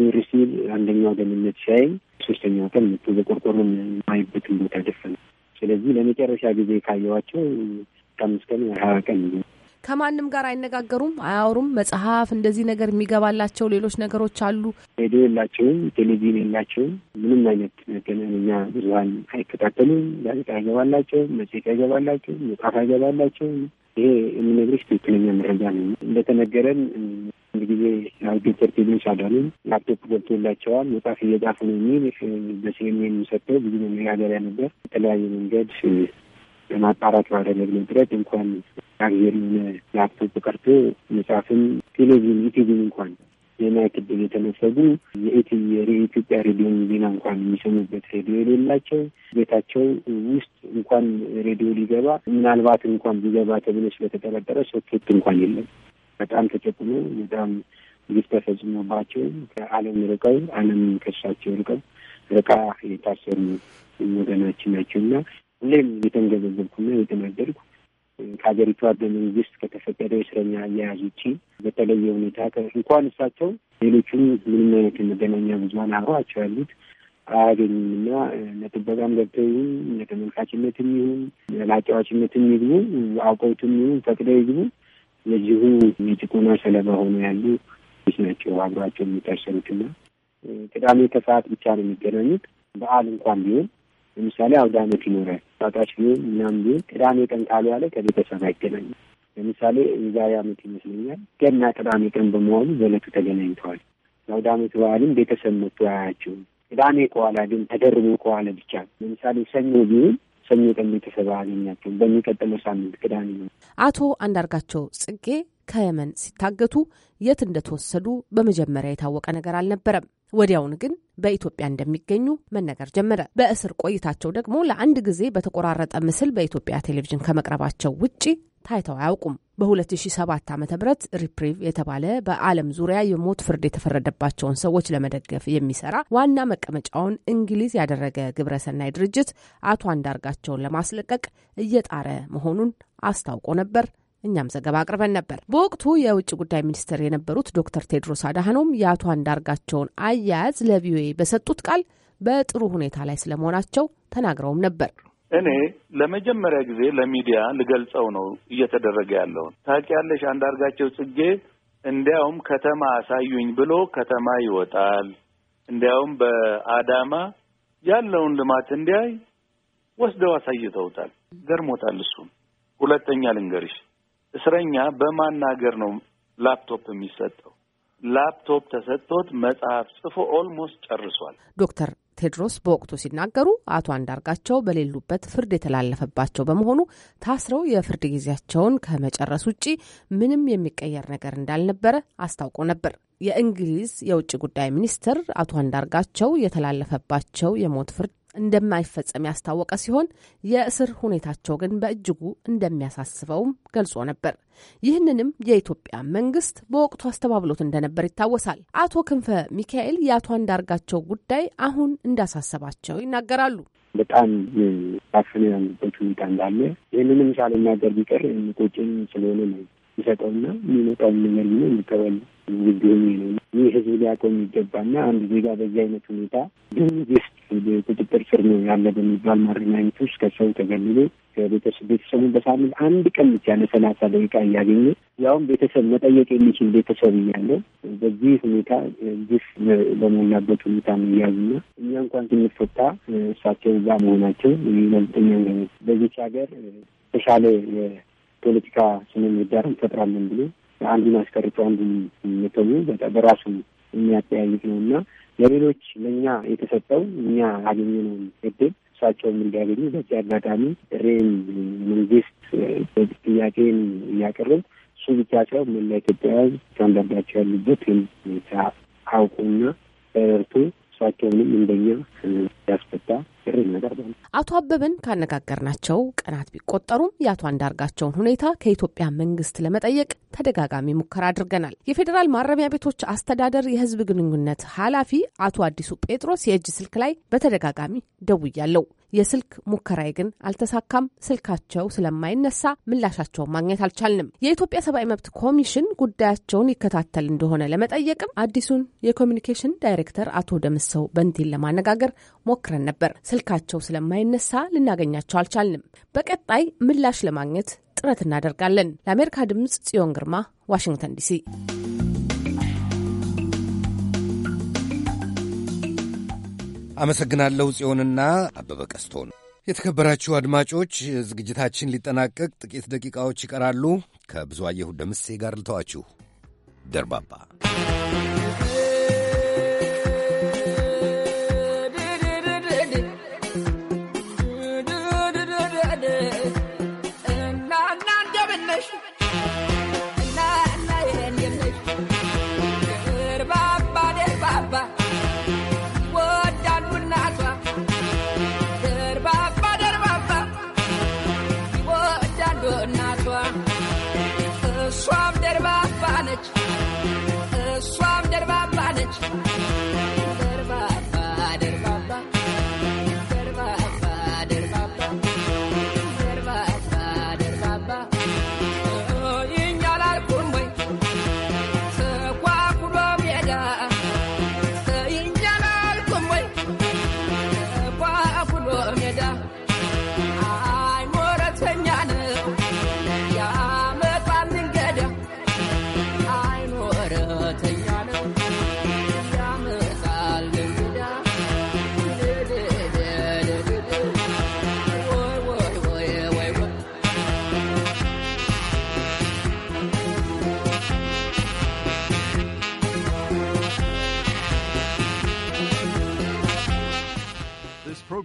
ዞር ሲል አንደኛው ደህንነት ሲያይ ሶስተኛው ቀን ምቶ በቆርቆሮ የማይበትን ቦታ ደፈነ። ስለዚህ ለመጨረሻ ጊዜ ካየኋቸው ከአምስት ቀን ሀያ ቀን ከማንም ጋር አይነጋገሩም፣ አያወሩም። መጽሐፍ እንደዚህ ነገር የሚገባላቸው ሌሎች ነገሮች አሉ። ሬዲዮ የላቸውም፣ ቴሌቪዥን የላቸውም። ምንም አይነት መገናኛ ብዙሀን አይከታተሉም። ጋዜጣ አይገባላቸውም፣ መጽሔት አይገባላቸውም፣ መጽሐፍ አይገባላቸውም። ይሄ የምነግርሽ ትክክለኛ መረጃ ነው። እንደተነገረን አንድ ጊዜ ዶክተር ቴድሮስ አዳኑም ላፕቶፕ ገብቶላቸዋል መጽሐፍ እየጻፉ ነው የሚል በሲኤምኤን የሚሰጠው ብዙ መነጋገሪያ ነበር። የተለያየ መንገድ ለማጣራት ባደረግነው ጥረት እንኳን አብሔርን ላፕቶፕ ቀርቶ መጽሐፍም ቴሌቪዥን ኢቲቪን እንኳን ዜና የዩናይትድ የተመሰጉ የኢትዮጵያ ሬዲዮን ዜና እንኳን የሚሰሙበት ሬዲዮ የሌላቸው ቤታቸው ውስጥ እንኳን ሬዲዮ ሊገባ ምናልባት እንኳን ቢገባ ተብሎ ስለተጠረጠረ ሶኬት እንኳን የለም። በጣም ተጨቁሞ በጣም ግፍ ተፈጽሞባቸው ከዓለም ርቀው ዓለም ከሳቸው ርቀው ርቃ የታሰሩ ወገናችን ናቸው እና ሁሌም የተንገበገብኩና የተናደድኩ ከሀገሪቷ ሕገ መንግስት ከተፈቀደው የእስረኛ አያያዝ ውጪ በተለየ ሁኔታ እንኳን እሳቸው ሌሎቹም ምንም አይነት የመገናኛ ብዙኃን አብረዋቸው ያሉት አያገኙም እና ለጥበቃም ገብተው ይሁን ለተመልካችነትም ይሁን ለአጫዋችነትም ይግቡ አውቀውትም ይሁን ፈቅደው ይግቡ ለዚሁ የጭቆና ሰለባ ሆኖ ያሉ ናቸው አብሯቸው የሚታሰሩትና ቅዳሜ ከሰዓት ብቻ ነው የሚገናኙት በዓል እንኳን ቢሆን ለምሳሌ አውደ ዓመት ይኖራል። ታጣች ቢሆን ምናምን ቢሆን ቅዳሜ ቀን ካልዋለ ከቤተሰብ አይገናኝም። ለምሳሌ የዛሬ አመት ይመስለኛል ገና ቅዳሜ ቀን በመሆኑ በእለቱ ተገናኝተዋል። አውደ ዓመት በዓልም ቤተሰብ መጥቶ አያቸውም። ቅዳሜ ከኋላ ግን ተደርቦ ከኋላ ብቻ ለምሳሌ ሰኞ ቢሆን ሰኞ ቀን ቤተሰብ አገኛቸው በሚቀጥለው ሳምንት ቅዳሜ ነው። አቶ አንዳርጋቸው ጽጌ ከየመን ሲታገቱ የት እንደተወሰዱ በመጀመሪያ የታወቀ ነገር አልነበረም። ወዲያውን ግን በኢትዮጵያ እንደሚገኙ መነገር ጀመረ። በእስር ቆይታቸው ደግሞ ለአንድ ጊዜ በተቆራረጠ ምስል በኢትዮጵያ ቴሌቪዥን ከመቅረባቸው ውጪ ታይተው አያውቁም። በ2007 ዓ ም ሪፕሪቭ የተባለ በዓለም ዙሪያ የሞት ፍርድ የተፈረደባቸውን ሰዎች ለመደገፍ የሚሰራ ዋና መቀመጫውን እንግሊዝ ያደረገ ግብረሰናይ ድርጅት አቶ አንዳርጋቸውን ለማስለቀቅ እየጣረ መሆኑን አስታውቆ ነበር። እኛም ዘገባ አቅርበን ነበር። በወቅቱ የውጭ ጉዳይ ሚኒስትር የነበሩት ዶክተር ቴድሮስ አድሃኖም የአቶ አንዳርጋቸውን አያያዝ ለቪኦኤ በሰጡት ቃል በጥሩ ሁኔታ ላይ ስለመሆናቸው ተናግረውም ነበር። እኔ ለመጀመሪያ ጊዜ ለሚዲያ ልገልጸው ነው እየተደረገ ያለውን ታውቂያለሽ። አንዳርጋቸው ጽጌ እንዲያውም ከተማ አሳዩኝ ብሎ ከተማ ይወጣል። እንዲያውም በአዳማ ያለውን ልማት እንዲያይ ወስደው አሳይተውታል። ገርሞታል። እሱም ሁለተኛ ልንገርሽ እስረኛ በማናገር ነው ላፕቶፕ የሚሰጠው። ላፕቶፕ ተሰጥቶት መጽሐፍ ጽፎ ኦልሞስት ጨርሷል። ዶክተር ቴድሮስ በወቅቱ ሲናገሩ አቶ አንዳርጋቸው በሌሉበት ፍርድ የተላለፈባቸው በመሆኑ ታስረው የፍርድ ጊዜያቸውን ከመጨረስ ውጪ ምንም የሚቀየር ነገር እንዳልነበረ አስታውቆ ነበር። የእንግሊዝ የውጭ ጉዳይ ሚኒስትር አቶ አንዳርጋቸው የተላለፈባቸው የሞት ፍርድ እንደማይፈጸም ያስታወቀ ሲሆን የእስር ሁኔታቸው ግን በእጅጉ እንደሚያሳስበውም ገልጾ ነበር። ይህንንም የኢትዮጵያ መንግስት በወቅቱ አስተባብሎት እንደነበር ይታወሳል። አቶ ክንፈ ሚካኤል የአቶ አንዳርጋቸው ጉዳይ አሁን እንዳሳሰባቸው ይናገራሉ። በጣም ታፍኖ ያሉበት ሁኔታ እንዳለ ይህንንም ሳልናገር ቢቀር የሚቆጨኝ ስለሆነ ነው የሚሰጠውና የሚመጣውን ነገር ነው የሚቀበል ዝግጁ ነው። ይህ ህዝብ ሊያቆም ይገባና አንድ ዜጋ በዚህ አይነት ሁኔታ በመንግስት ቁጥጥር ስር ነው ያለ በሚባል ማረሚያ አይነት ውስጥ ከሰው ተገልሎ ቤተሰቡ በሳምንት አንድ ቀን ብቻ ለሰላሳ ደቂቃ እያገኘ ያውም ቤተሰብ መጠየቅ የሚችል ቤተሰብ እያለው በዚህ ሁኔታ ግፍ በሞላበት ሁኔታ ነው እያዙና እኛ እንኳን ስንፈታ እሳቸው እዛ መሆናቸው መልጠኛ በዚች ሀገር የተሻለ የፖለቲካ ስነ ምህዳር እንፈጥራለን ብሎ አንዱን አስቀርቶ አንዱ መተው በራሱ የሚያጠያይቅ ነው እና ለሌሎች ለእኛ የተሰጠው እኛ ያገኘነው እድል እሳቸውም እንዲያገኙ በዚህ አጋጣሚ ጥሬን መንግስት ጥያቄን እያቀረብ እሱ ብቻ ሳይሆን መላ ኢትዮጵያ ሕዝብ ስታንዳርዳቸው ያሉበት አውቁና ተረድቶ እሳቸውንም እንደኛ ያስፈታ ነገር ነው። አቶ አበበን ካነጋገርናቸው ቀናት ቢቆጠሩም የአቶ አንዳርጋቸውን ሁኔታ ከኢትዮጵያ መንግስት ለመጠየቅ ተደጋጋሚ ሙከራ አድርገናል። የፌዴራል ማረሚያ ቤቶች አስተዳደር የህዝብ ግንኙነት ኃላፊ አቶ አዲሱ ጴጥሮስ የእጅ ስልክ ላይ በተደጋጋሚ ደውያለው። የስልክ ሙከራዬ ግን አልተሳካም። ስልካቸው ስለማይነሳ ምላሻቸውን ማግኘት አልቻልንም። የኢትዮጵያ ሰብአዊ መብት ኮሚሽን ጉዳያቸውን ይከታተል እንደሆነ ለመጠየቅም አዲሱን የኮሚኒኬሽን ዳይሬክተር አቶ ደምሰው በንቲን ለማነጋገር ሞክረን ነበር። ስልካቸው ስለማይነሳ ልናገኛቸው አልቻልንም። በቀጣይ ምላሽ ለማግኘት ጥረት እናደርጋለን። ለአሜሪካ ድምፅ ጽዮን ግርማ፣ ዋሽንግተን ዲሲ። አመሰግናለሁ ጽዮንና አበበ ቀስቶን። የተከበራችሁ አድማጮች ዝግጅታችን ሊጠናቀቅ ጥቂት ደቂቃዎች ይቀራሉ። ከብዙ አየሁ ደምሴ ጋር ልተዋችሁ። ደርባባ